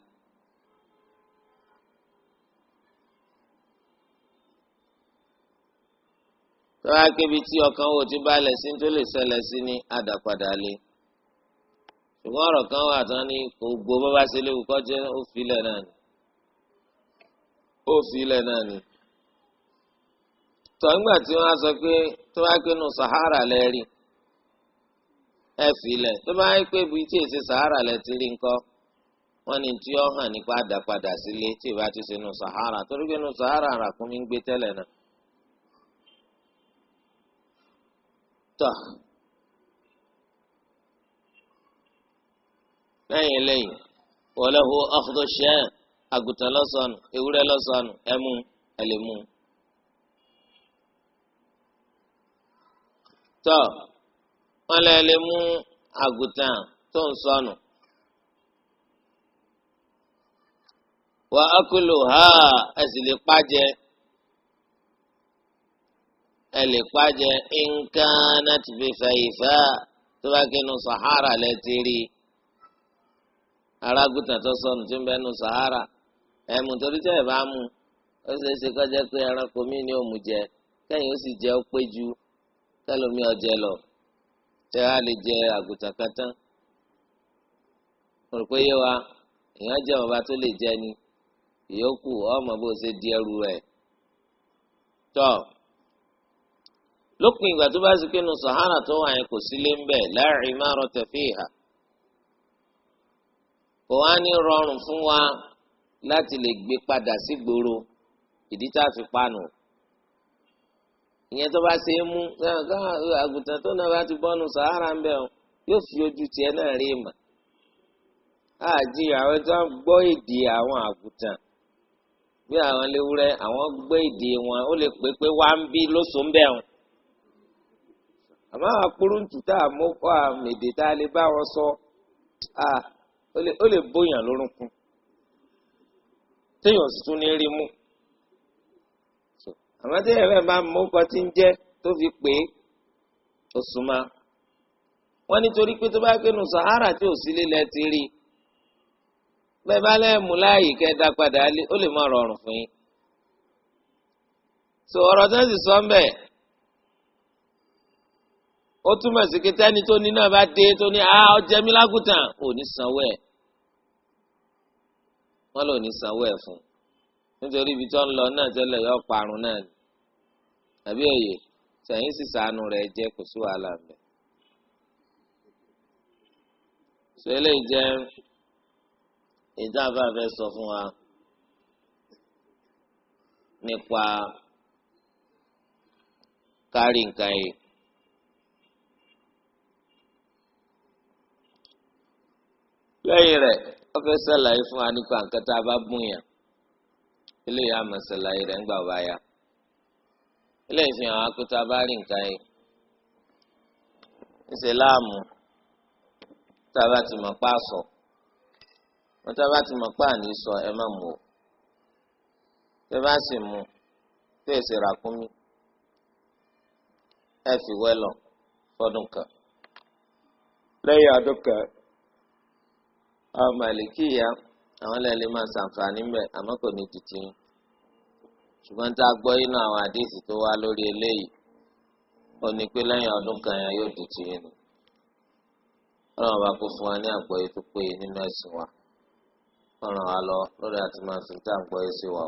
tọ́wá kébi tí ọkàn wò ti balẹ̀ sí tó lè ṣẹlẹ̀ sí ní á dá padà lé. ṣùgbọ́n ọ̀rọ̀ kan wà tán ní gbogbo bàbá ṣe léwu kọ́jẹ́ ó fi náà ni. ó náà ni tọ́gbà tí wọ́n á sọ pé tó bá pé nù sahara lẹ rí ẹ filẹ̀ tó bá pé ibi tí èsì sahara lẹ ti rí nǹkan wọ́n ní tí ó hàn nípa àdàpadà sílé tí ìbá ti ṣe nù sahara torí pé nù sahara ràkúnmí ń gbé tẹ́lẹ̀ náà. tọ́ lẹ́yìn lẹ́yìn wọlé hu ọ̀kúndọ̀ṣẹ́ àgùntàn lọ́sọ̀nù ewúrẹ́ lọ́sọ̀nù ẹ̀mú ẹ̀lẹ́mú. tọ́ wọ́n lè lè mú àgùntàn tó ń sọnù. wà á kúlò ha ẹ sì lè pàjẹ ẹ lè pàjẹ nǹkan náà ti fi fẹ ìfẹ́ tó bá kínú sahara lẹ ti rí arágùntàn tó sọnù tí ń bẹ nu sahara ẹ mú mi ni mú jẹ kẹyìn ó sì tẹlomi ọjẹ lọ tẹ a lè jẹ àgùntàn kan tán mo rò pé yé wa èèyàn jẹ ọba tó lè jẹ ni ìyókù ọmọ bó ṣe di ẹrù rẹ tọ lópin ìgbà tó bá sì sahara tó wà yẹn kò sílé ń bẹ sí gbòòrò ìdí tá a fi ìyẹn tó bá ṣe é mú àgùntàn tó náà bá ti bọ́nu sahara ń bẹ̀ ọ́ yóò fi ojú tiẹ̀ náà rí ìmọ̀ àjí àwọn tó ń gbọ́ èdè àwọn àgùntàn bí àwọn léwúrẹ́ àwọn gbọ́ èdè wọn ó lè pè pé wá ń bí lóṣù ń bẹ̀ ọ́ àmọ́ àpòrúntù tá a mú kọ́ àmèdè tá a lè bá wọn sọ ó lè bóyàn lórúnkún téèyàn sì tún ní rí mú àmọ́ tí ẹ̀rọ bá mú ọkọ tí ń jẹ́ tó fi pè é ó súnmọ́ wọ́n nítorí pé tó bá gbénu sahara tí ò sí lílẹ̀ ti rí bẹ́ẹ̀ bá lẹ́ẹ̀mú láàyè kẹ́ẹ̀dá padà ó lè má rọrùn fún yín. sọ ọ̀rọ̀ tó ń sì sọ ń ó túmọ̀ sí pé tẹ́ni tó ní náà bá dé tó ní ah ọjẹ́ mi lágùtàn ò ní sanwó ẹ̀ wọ́n lò ní sanwó ẹ̀ fún un nítorí ibi tó ń lọ náà tẹ́lẹ̀ yọ parun náà ni àbí òye sẹ́yìn sì sànù rẹ̀ jẹ́ kò sí wàhálà ń bẹ̀. sọ eléyìí jẹ́ ìdáàbà fẹ́ sọ fún wa nípa kárí nǹkan yìí. lẹ́yìn rẹ̀ wọ́n fẹ́ sàlàyé fún wa nípa nǹkan tá a bá bùn yàn eléyìí àmọ̀sálàyé rẹ̀ ń gbà wáyà eléyìí fi hàn akuta bá rí nǹkan yìí ńṣe láàmú tá a bá ti mọ̀ pa sọ wọn tá a bá ti mọ̀ pa àní sọ ẹ má mú o tẹ bá sì mú tẹ èsì ràkúnmí ẹ fi wẹ́lọ̀ fọdún kan lẹ́yìn ọdún kan àwọn màlìkì yá àwọn lẹ́yìn máa ṣàǹfààní mbẹ àmọ́ kò ní títí yín. ṣùgbọ́n tá a gbọ́ inú àwọn àdéhìí tó wá lórí eléyìí ó ní pé lẹ́yìn ọdún kan yẹn yóò dùn tìyín nù ọlọ́run bá kó fún wa ní tó péye nínú ẹ̀sìn wa ọ̀ràn wa lọ lórí àti máa fi dá àgbọ́yé sí wa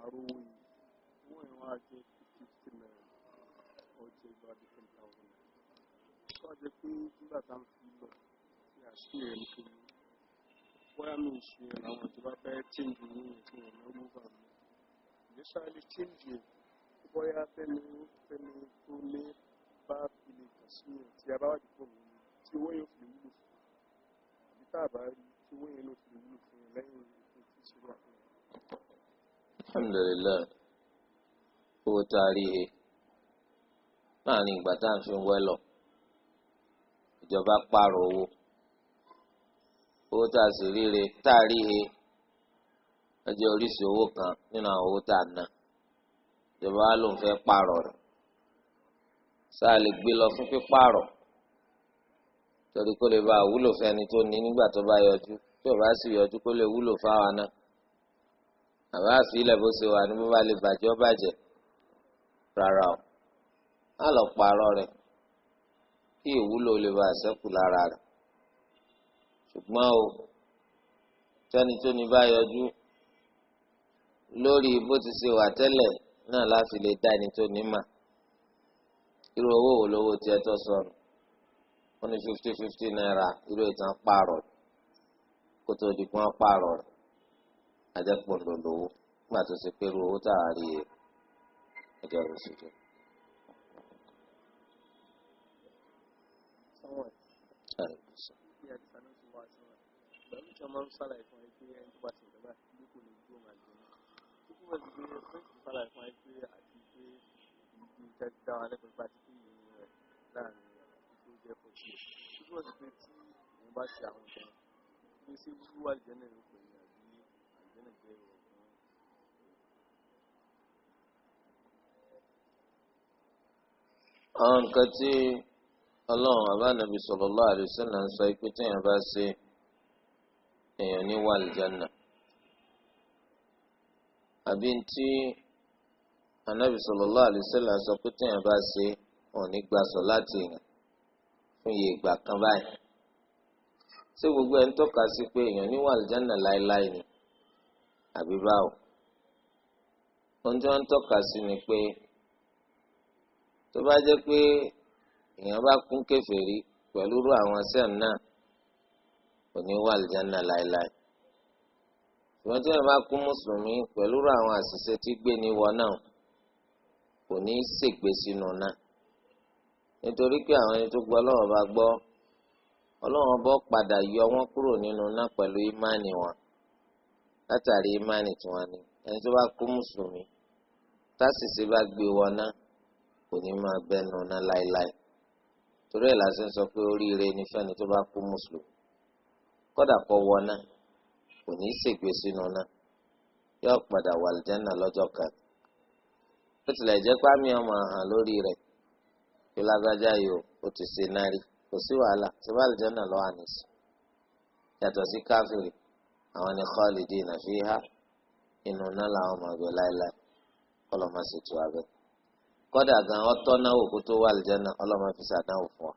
ROE, wọ́n yẹn to jẹ́ fifty naira ọjọ́ ìgbà di ten thousand naira. Tó a jẹ́ pé nígbà tá à ń fi lọ sí àṣírí ẹni tó ní. Bóyá mi ì ṣe àwọn ìjọba fẹ́ change ní ìpín ọ̀nà mọ́bà mi. Ìgbésà lè change ẹ̀ bóyá fẹ́ni fẹ́ni tó lé bá fi lè kàn sí ẹ̀ tí a bá wà dìbò mi tí owó yẹn fi lè wúlò fún. Àbí tá a bá rí tí owó yẹn ló fi lè wúlò fún ẹ lẹ́yìn alhamdulilayi owó tá a rí he láàrin ìgbà tá à ń fi ń wẹ́lọ̀ ìjọba pààrọ̀ owó owó tá a sì ríre tá a rí he ẹ jẹ́ oríṣìí owó kan nínú àwọn owó tá a ná ìjọba wa ló ń fẹ́ pààrọ̀ rẹ̀ àbá àfilẹ̀ bó ṣe wà ní bó bá lè bàjẹ́ ọ bàjẹ́ rárá o má lọ parọ́ rẹ̀ kí ìwúlò lè bá àṣẹ́kù lára rẹ̀ ṣùgbọ́n o tẹ́ni tó ní bá yọjú lórí bó ti ṣe wà tẹ́lẹ̀ náà láti lè dá ẹni tó ní mà irú owó wo lówó tiẹ̀ tó sọnù wọ́n ní fifty fifty naira irú ìtàn pààrọ̀ kó tó di kí pààrọ̀ rẹ̀ ajẹ́pọ̀ ń lò lówó nígbà tó ṣe pé irú owó tá a rí e ẹjọ́ rẹ̀ ṣojú. Láàárín ìṣòjẹ́ pọ̀ sí i, ṣùgbọ́n ti pé tí òun bá ṣe àwọn ọ̀sán, ní sí wíwá ìjẹ́ náà ló pè é nínú ìbéèrè ọ̀gbọ́n. àwọn nǹkan tí ọlọ́run àbánabi sallallahu alaihi wasallam ń sọ pé téèyàn bá ṣe èèyàn ní wà lìjánà àbí tí anabi sallallahu alaihi wasallam sọ pé téèyàn bá ṣe wọn ní gba sọ láti èèyàn fún iye ìgbà kan báyìí ṣé gbogbo ẹ̀ ń tọ́ka sí pé èèyàn ní wà lìjánà láéláé ni àbí báwo ohun tí wọ́n ń tọ́ka sí ni pé tó bá jẹ́ pé èèyàn bá kún kèfèrí pẹ̀lú irú àwọn sẹ́ẹ̀m náà kò ní wà lìjánná láéláé ṣùgbọ́n tí wọ́n bá kún mùsùlùmí pẹ̀lú irú àwọn àṣìṣe tí gbé ní wọ náà kò ní í ṣègbè sínú náà nítorí pé àwọn ẹni tó gbọ́ ọlọ́wọ́n bá gbọ́ ọlọ́wọ́n bọ́ padà yọ wọ́n kúrò nínú náà pẹ̀lú ìmánì wọn látàrí imáni tí wọ́n ní ẹni tó bá kú mùsùlùmí tásìsì bá gbé wọn náà kò ní máa bẹnu náà láéláé torí ẹ̀ lásán sọ pé oríire ni fẹ́ni tó bá kú mùsùlùmí kódà kó wọn náà kò ní í ṣègbè sínú náà yóò padà wà lìjánà lọ́jọ́ kan ó tilẹ̀ jẹ́ pàmì ọmọ hàn lórí rẹ̀ kí lágbájá yìí ó ti ṣe náà kò sí wàhálà tí bá lìjánà lọ́wọ́ àníṣe yàtọ̀ sí káfíìrì àwọn ni khalidina fiha inú náà làwọn máa gbé láéláé ọlọ́mọ sì tù abẹ́ kọ́dà gan ọtọ́ náwó kó tó wà àlùjánnà ọlọ́mọ fi sàdánwò fún wa.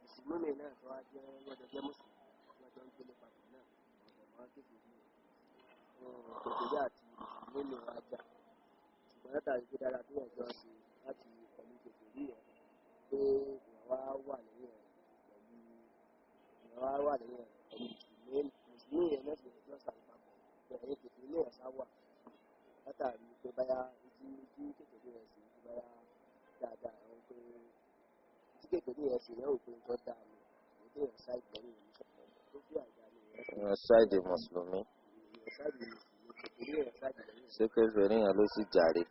mùsùlùmí náà tó wá jẹ́ jẹ́ mùsùlùmí kékeré àti mélòó ajá ṣùgbọ́n látàrí pé dára tó wọ̀ jọ ṣe láti pẹ̀lú kékeré yẹn pé ìyàwó wà lẹ́yìn rẹ̀ pẹ̀lú ìyàwó wà lẹ́yìn rẹ̀ pẹ̀lú mùsùlùmí yẹn lẹ́sìn ìjọ sàlùpàpọ̀ pẹ̀lú kékeré yẹn sáwà látàrí pé báyà ojú ojú kékeré rẹ̀ sì ń báyà dáadáa àwọn pé tí kékeré yẹn sì rẹ́ òpin tó dáa ní ṣáìdì mùsùlùmí ṣé kèfèrí yẹn ló sì jàre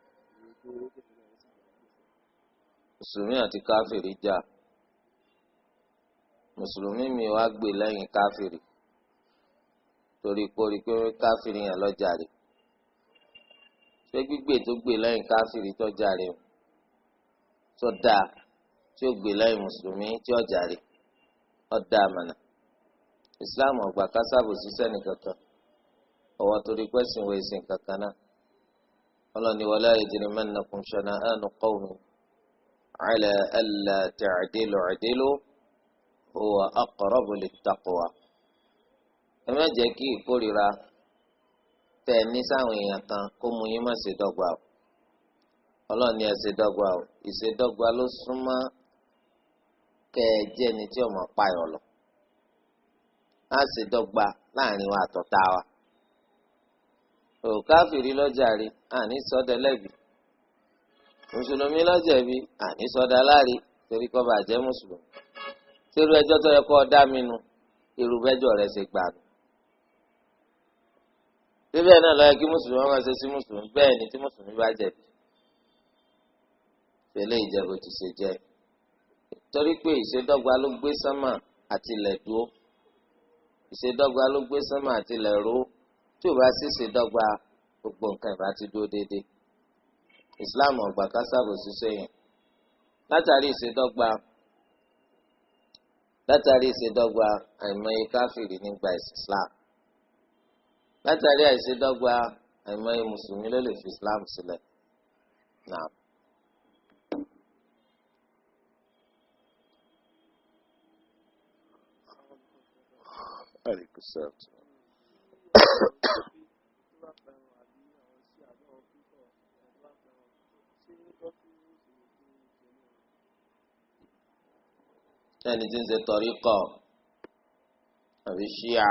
mùsùlùmí àti káfìrí jà mùsùlùmí mi wá gbè lẹ́yìn káfìrí torí kórì pé káfìrí yẹn ló jàre ṣé gbígbè tó gbè lẹ́yìn káfìrí tó jàre o tó dáa tí ó gbè lẹ́yìn mùsùlùmí tí ó jàre ó dáa mọ̀nà islam ọgbà kásáàbò sísẹ nìkankan ọwọ torí pẹ́sìn wo ìsìn kankan náà ọlọ́ni wala yajrimannakum shana'anu qawmin ala alla ta'dilu i'dilu huwa aqrabu littaqwa. ẹ má jẹ́ kí ìkórira tẹ̀ ní sáwọn èèyàn kan kó mu yín má ṣe dọ́gba o ọlọ́ni ẹ dọ́gba o ìṣe ló súnmọ́ kẹ́ ẹ jẹ́ ẹni tí ọmọ pààyàn lọ á sì dọ́gba láàrin wa àtọ̀tá wa. òkáfìrí lọ́jà rí àní sọ́dẹ lẹ́bi mùsùlùmí lọ́jà bí àní sọ́dẹ aláàrí torí kọ́ bàjẹ́ mùsùlùmí. tírú ẹjọ́ tó yẹ kó o dá mi nu irú bẹ́jọ́ rẹ̀ ṣe gbà mí. síbẹ̀ náà lọ́yẹ kí mùsùlùmí máa ṣe sí mùsùlùmí bẹ́ẹ̀ ni tí mùsùlùmí bá jẹ̀bi. tẹ́lẹ̀ ìjẹ́bù ti ṣe jẹ́ torí pé ìṣèdọ́gba ló gbé sánmà àti ilẹ̀ dúró ìṣèdọ́gba ló gbé sánmà àti ilẹ̀ ró tí ò bá sí ìṣèdọ́gba gbogbo nǹkan ìbá ti dúró déédéé Islam ọgbà kásáàbò ṣiṣẹ́ yẹn látàrí ìṣèdọ́gba látàrí ìṣèdọ́gba àìmọye káfíìrì nígbà Islam látàrí àìṣèdọ́gba àìmọye mùsùlùmí ló lè fi Islam sílẹ̀ náà. عليكم السلام ẹni tí ń ṣe tọríkọ àbí ṣíà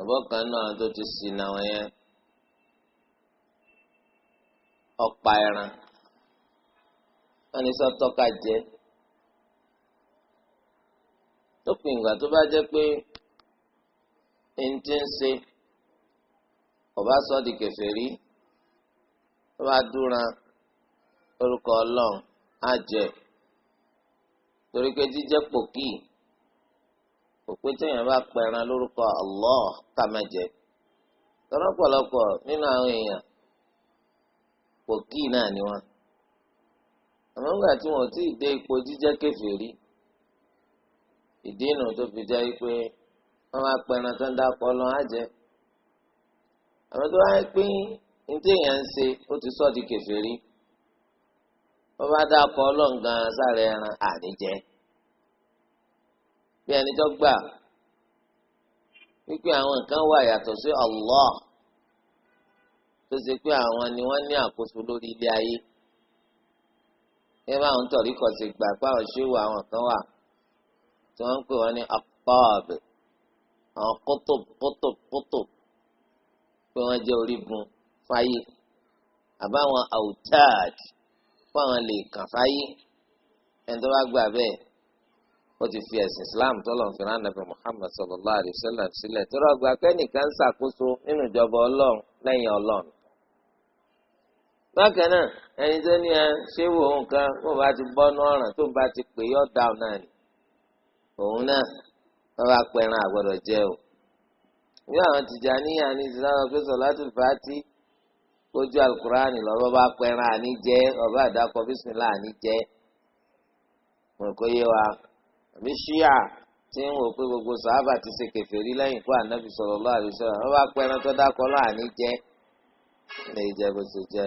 ọ̀bọ̀ kan náà tó ti sì náà yẹn ọ̀pá ẹran wọ́n ní sọ́tọ́ka jẹ́. lópin ìgbà tó bá jẹ́ pé ẹni tí ń ṣe ọba sọ di kèfèrí tó bá dúran orúkọ á jẹ torí pé jíjẹ pòkì òpin bá pẹran lórúkọ Allah ká má nínú àwọn èèyàn náà ni wọn àmọ́ ńgbà tí wọn ò ìdí inú tó fi jẹ́ pé wọ́n máa pẹran tó ń dákọ̀ lọ á jẹ àwọn tó wáá pín ní téèyàn ń ṣe ó ti sọ di kèfèrí wọ́n bá dákọ̀ ọlọ́ǹgan sáré ẹran àníjẹ bí ẹni tó gbà wípé àwọn nǹkan wà yàtọ̀ sí tó ṣe pé àwọn ni wọ́n ní àkóso lórí ilé ayé ẹ bá àwọn tọ̀ríkọ̀ ṣe gbà pé àwọn tí wọ́n ń pè wọ́n ní akpáàbì àwọn kótóp kótóp kótóp pé wọ́n jẹ́ orígun fáyé àbáwọn àwùtáàd fún àwọn lè kàn fáyé ẹni tó bá gbà bẹ́ẹ̀ ó ti fi ẹ̀sìn Islam tọ́lọ̀ ń fìrán nàbẹ̀ Muhammad sallallahu alayhi wa sallam sílẹ̀ tó rọgbà kẹ́nìkan ń ṣàkóso nínú ìjọba ọlọ́run lẹ́yìn ọlọ́run bákan náà ẹni tó ní ẹ ṣé wò ó nǹkan bó bá ti bọ́ ní ọ̀ràn tó bá ti pè é yọ̀ dáhùn náà ni òun náà wọ́n bá pẹran àgbọ̀dọ̀ jẹ́ o bí àwọn Tìjàníyà ní ìsìláwọ̀ pé sọ̀látùl fàátì kójú alukurani lọ́wọ́ bá àní jẹ́ ọba àdàkọ bísímìlá àní jẹ́ wọn kò yé wa ṣíà tí ń wò gbogbo sàábà ti ṣe kèfèrí lẹ́yìn fún ànábì sallallahu alaihi wasallam wọn bá pẹran tó dákọ lọ àní jẹ́ ilé ìjẹ́ bó ṣe jẹ́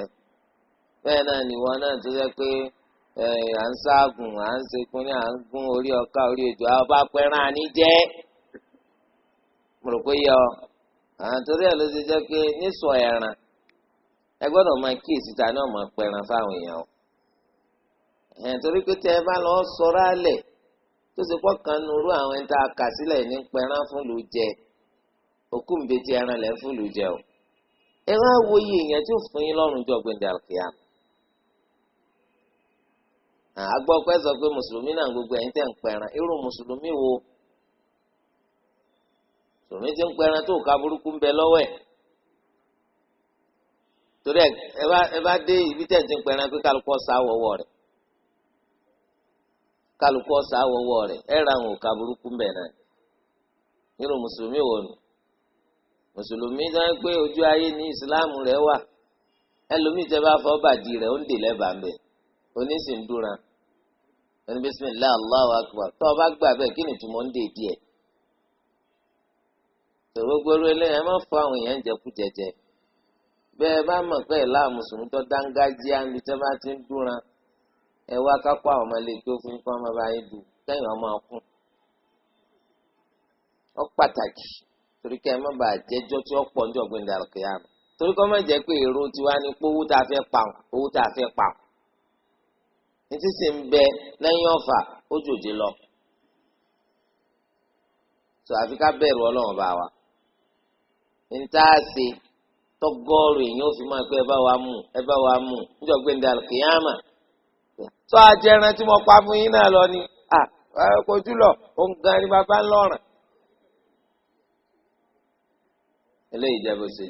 bẹ́ẹ̀ à ń ságùn à ń sekun ní à ń gun orí ọ̀ka orí ejò ọba pẹ́ràn àní jẹ́ mo rò pé yọ àtúntò ẹ̀ ló ti jẹ́ pé nísọ ẹ̀ràn ẹ gbọ́dọ̀ máa èsì ta ní ọmọ pẹ̀ràn fáwọn èèyàn o ẹ̀ torí pé tẹ́ ẹ bá lọ sọ̀rọ̀ alẹ̀ tó ṣe nuru àwọn ẹni tá a kà sílẹ̀ ní pẹ̀ràn fún jẹ òkú mi bẹ na pẹ́ sọ pé mùsùlùmí náà gbogbo ẹ̀yin tẹ̀ ń pẹran irú mùsùlùmí wo tòmí ti ń pẹran tó ka burúkú ń bẹ lọ́wọ́ ẹ̀ torí ẹ bá dé ibi tẹ̀ ń ti ń pẹran pé kálukọ́ sá wọ́wọ́ rẹ̀ kálukọ́ sá wọ́wọ́ rẹ̀ ẹ̀ ra àwọn òka burúkú ń bẹ náà irú mùsùlùmí wo ni mùsùlùmí pé ojú ayé ní ẹni bisimilahi allahu akbar tó o bá gbà bẹ́ẹ̀ kí ni ìtumọ̀ ń dè díẹ̀ tòró gbóró eléyìí ẹ má fọ àwọn èèyàn jẹkújẹjẹ bẹ́ẹ̀ bá mọ̀ pé ìlà mùsùlùmí tó dángájíá níbi tí wọ́n bá ti ń dúnra ẹ wá kápá àwọn ọmọ ilé tó fún kọ́ ọmọ bá yín dù kẹ́yìn ọmọ ọkùn ọ pàtàkì torí kẹ́ ẹ má bàa jẹ́jọ́ tí ó pọ̀ ní ọ̀gbìn ìdàlùkìyàmù torí kọ́ má jẹ́ pé èrò tiwa ni pé owó tá a fẹ́ pa owó tá a fẹ́ pa ntí sì ń bẹ lẹ́yìn ọ̀fà ó lọ. so àfi ká bẹ̀rù ọlọ́run bá wa. ntaasi tọgọ́rù èyí ó fi máa pé ẹ bá wa mú ẹ bá wa mú níjọ́ gbé ndé alùkìyàmà. tó ajẹran tí mo pa fún lọ ni kojú lọ òun gan ni bàbá ń lọ́ràn. eléyìí jẹ́ bó ṣe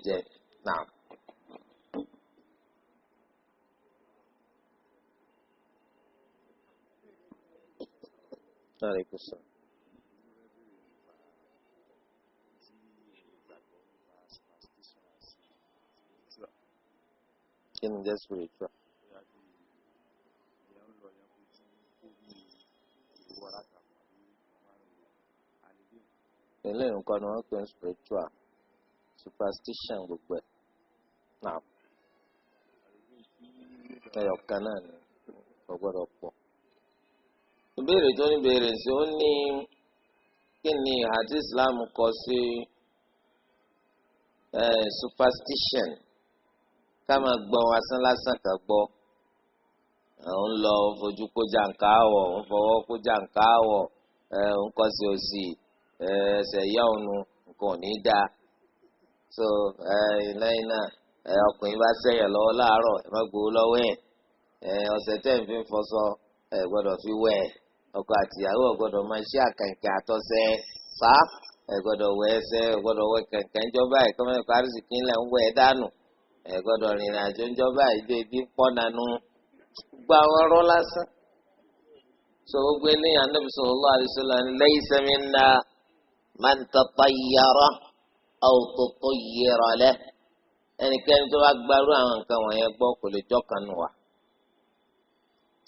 Alaikum salaam. kí ni jẹ́ spiritual. ilé nǹkan ni wọ́n pè ń spiritual superstition gbogbo ẹ̀ náà ẹyọ̀kan náà ni kò pọ̀. ìbéèrè tó ń béèrè sí ó ní kí ni àti Islam kọ sí superstition ká máa gbọ. asán lásán kà gbọ́ ń lọ fojú kó jàǹká wọ̀ ń fọwọ́ kó jàǹká wọ̀ ń sí òsì yá ònu nǹkan ò so lẹ́yìn náà ọkùnrin bá sẹ́yìn lọ́wọ́ láàárọ̀ ẹ má gbowó lọ́wọ́ ẹ̀ fi ẹ gbọdọ fi ọkọ àtìyàwó ọ̀gbọ́dọ̀ máa ṣe àkànkà àtọsẹ sá ẹgọdọ wẹ̀ ẹsẹ̀ ẹ̀gbọ́dọ̀ wẹ̀ kẹkẹ ńjọba ìkọ́mẹ́rin kárìsì kínlẹ̀ ń wẹ̀ dànù ẹ̀gbọ́dọ̀ rìnrìn àjò ńjọba ìjọ ibi ń pọ̀ gba lásán. sọ tó bá àwọn nǹkan kò lè nù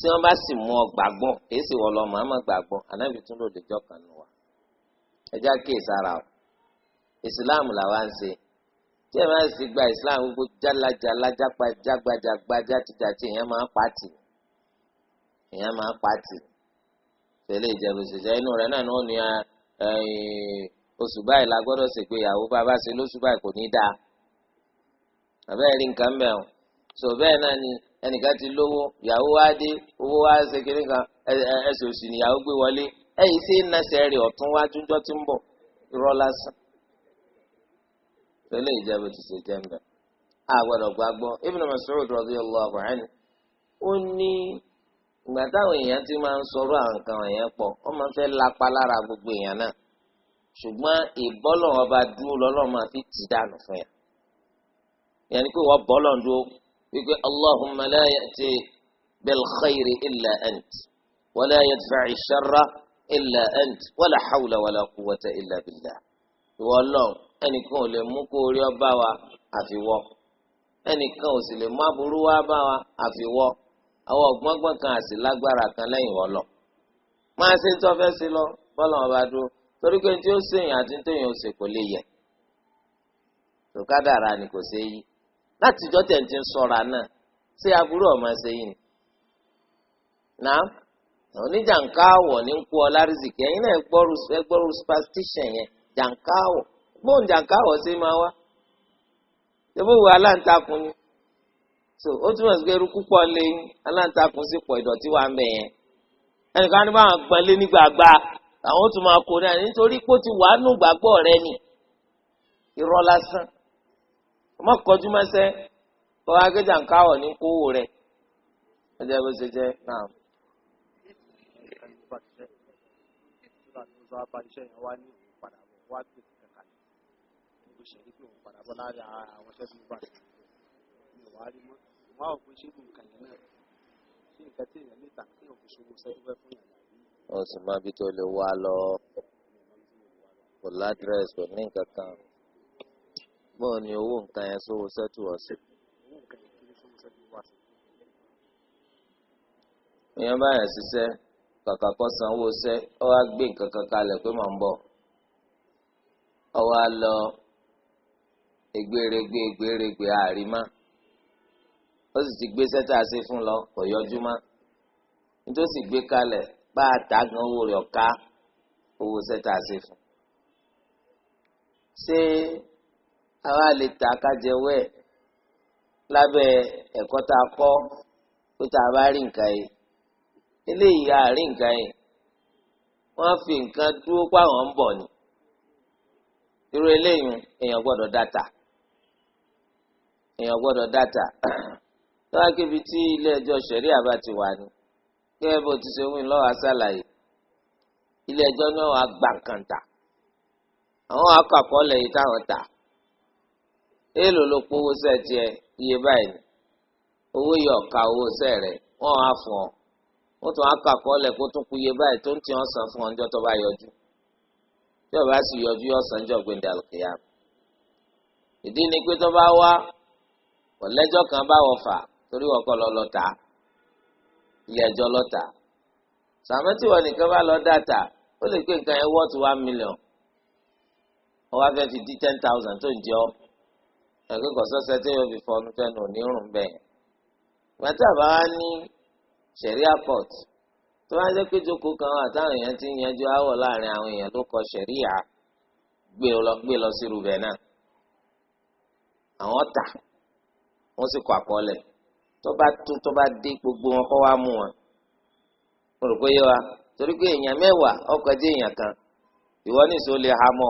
tí wọ́n bá sì mú ọ gbàgbọ́ kì í sì wọ lọ màmá gbàgbọ́ anábì tún lò lẹjọ kan nù wá ẹjẹ àkè sára o ìsìláàmù làwa ń ṣe tí ẹ máa sì gba ìsìláàmù gbogbo jálajàla jágbajàgba játijàti èèyàn máa pàtì èèyàn máa pàtì tẹ́lẹ̀ ìjẹbù inú rẹ náà ni ó ní oṣù báyìí la gbọ́dọ̀ ṣègbéyàwó bàbá ṣe lóṣù báyìí kò ní dáa àbẹ́rẹ́ nǹkan bẹ́ẹ̀ o sọ bẹ́ẹ̀ náà ni ẹnìkan ti lówó ìyàwó wa dé owó wa ṣe kiri kan ẹsẹ̀ òsì níyàwó gbé wọlé ẹ̀yìn sí ìnáṣẹ rẹ ọ̀tún wá túnjọ tí ń bọ̀ irọ́ lásán tẹ́lẹ̀ ìjẹbù ti ṣe jẹ mbẹ àgbàdo gbàgbọ́ Ibn Mas'ud radiyallahu anhu ó ní ìgbà táwọn èèyàn ti máa ń sọ̀rọ̀ àwọn nǹkan pọ̀ wọ́n máa ń fẹ́ lapa lára gbogbo èèyàn náà ṣùgbọ́n ìbọ́lọ̀ ọba dúró lọ́lọ́ máa fi tì dànù fún yà yẹn ni pé wọ́n bọ́lọ̀ dúró wípé allahumma la ya'ti bil khayri illa ant wa la yadfa'i sharra illa ant wa la hawla wa la quwwata illa billah ìwọ lọ ẹnìkan ò lè mú kó orí ọba wa àfiwọ ẹnìkan ò sì lè má burú wá bá wa àfiwọ àwọn ọgbọngbọn kan àti lágbára kan lẹ́yìn wọlọ máa ṣe tó fẹ́ sí lọ bọ́lá ọba dúró torí pé tí ó sèyìn àti tóyìn ó sè kò lè yẹ tòkádàrà ni kò ṣe yí látijọ́ tẹ̀ǹtì ń sọ̀ra náà ṣé aburú ọmọ ṣe yìí ni. nà oníjàǹkáwọ̀ ní ń kú ọ lárìsìkì ẹ̀yin náà ẹgbọ́rú superstition yẹn jàǹkáwọ̀ gbóhùn jàǹkáwọ̀ ṣe máa wá. ṣébó wo aláǹtakùn ni so ó túmọ̀ sí pé eruku pọ̀ lé aláǹtakùn sí pọ̀ ìdọ̀tí wa ń bẹ̀ yẹn ẹnìkan ní báwọn gbọ́n lé nígbàgbà àwọn ó tún máa kó náà nítorí pé ó ti wàánù gbàgbọ́ rẹ ni irọ́ lásán ọmọ kọjú mẹsẹ kọ akéjà ń káwọ ní kówó rẹ ọjọ bó ṣe jẹ náà. ó sì máa bí tó lè wá lọ kò ládírẹ́sì kò ní nǹkan kan bọ́ọ̀ ni owó nǹkan yẹn sówó sẹ́tù ọ̀sẹ̀. èèyàn báyà ṣiṣẹ́ kàkà kọ́ sanwó sẹ́ ọ wá gbé nǹkan kan kalẹ̀ pé màá ń bọ̀ ọ wá lọ ègbèrègbè ègbèrègbè àrímá ó sì ti gbé sẹ́tà sí fún àwa lè tà kájẹwọ ẹ lábẹ́ ẹ̀kọ́ tá a kọ́ pé tá a bá rí nǹkan yìí eléyìí a rí nǹkan yìí wọ́n fi nǹkan dúró páwọn ń bọ̀ ni irú eléyìí èèyàn gbọ́dọ̀ dáta èèyàn gbọ́dọ̀ dáta lọ́wọ́ kébi tí ilé ẹjọ́ sẹ̀rí àbá ti wà ní gẹ́gẹ́ bó ti ṣe wí lọ́wọ́ aṣàlàyé ilé ẹjọ́ náà wàá gbà àwọn akọ àkọọ́lẹ̀ yìí táwọn tà èèlò ló pówó sẹ́ tiẹ̀ iye báyìí owó yọ ọ̀ka owó sẹ́ rẹ̀ wọ́n á fún ọ wọ́n tún á kà kọ́lẹ̀ kó tún kú iye báyìí tó ń tiẹ̀ ọ̀sán fún ọjọ́ tó bá yọjú tí ọba sì yọjú ọ̀sán jọ gbẹ̀ndẹ̀ àlùkìyà ìdí ni pé tó bá wá ọ̀lẹ́jọ́ kan bá wọ̀ fà torí wọ́n kọ́ lọ lọ́ta ilé ẹjọ́ lọ́ta sàmẹ́tì nìkan bá lọ dáta ó lè pé nǹkan ẹ̀ wọ́ọ̀tù one million ó wá fi dí ten thousand tó ń jẹ́ ọ́ àkókò sọ́sẹ́ tí yóò fi fọnú tẹnu onírùn bẹ́ẹ̀. gbàtà bá wá ní sẹ̀ríà court tó bá jẹ́ pé jókòó kan wà táwọn èèyàn ti ń yanjú áwọ̀ láàrin àwọn èèyàn tó kọ sẹ̀ríà gbé lọ gbé lọ sí rubẹ̀ náà. àwọn tà wọ́n sì kọ àkọọ́lẹ̀ tó bá tún tó bá dé gbogbo wọn kọ́ wá mú wọn. mo rò pé yé wa torí pé èèyàn mẹ́wàá ọkọ̀ ẹ̀jẹ̀ èèyàn kan ìwọ nìṣó lè ha mọ́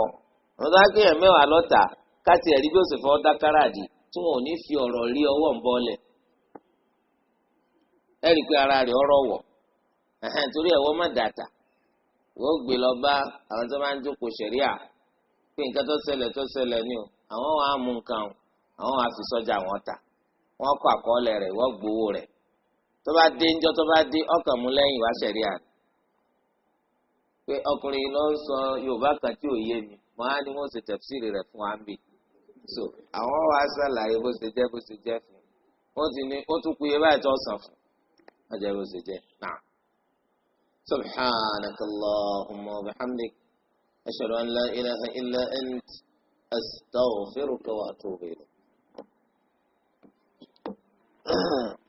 ọ. káti ẹ̀rí bí ó sì fọ́ dákàrà àdì tí wọn ò ní fi ọ̀rọ̀ rí ọwọ́ ń bọ́lẹ̀ ẹ rí i pé ara rẹ̀ ọ̀rọ̀ wọ̀ torí ẹ̀wọ́ má dàtà wọ́n gbé lọ bá àwọn tó máa ń jókòó ṣẹ̀ríà pé nǹkan tó tó àwọn wà á mú nǹkan o àwọn wà á fi sọ́jà wọn wọ́n àkọọ́lẹ̀ rẹ̀ wọ́n gbowó rẹ̀ tó bá dé ńjọ́ tó bá dé ọkàn mú so àwọn wa ṣàlàyé bó ṣe jẹ́ bó ṣe jẹ́ fún ó ti ní ó tún kú báyìí tó sàn fún ó jẹ́ bó ṣe سبحانك اللهم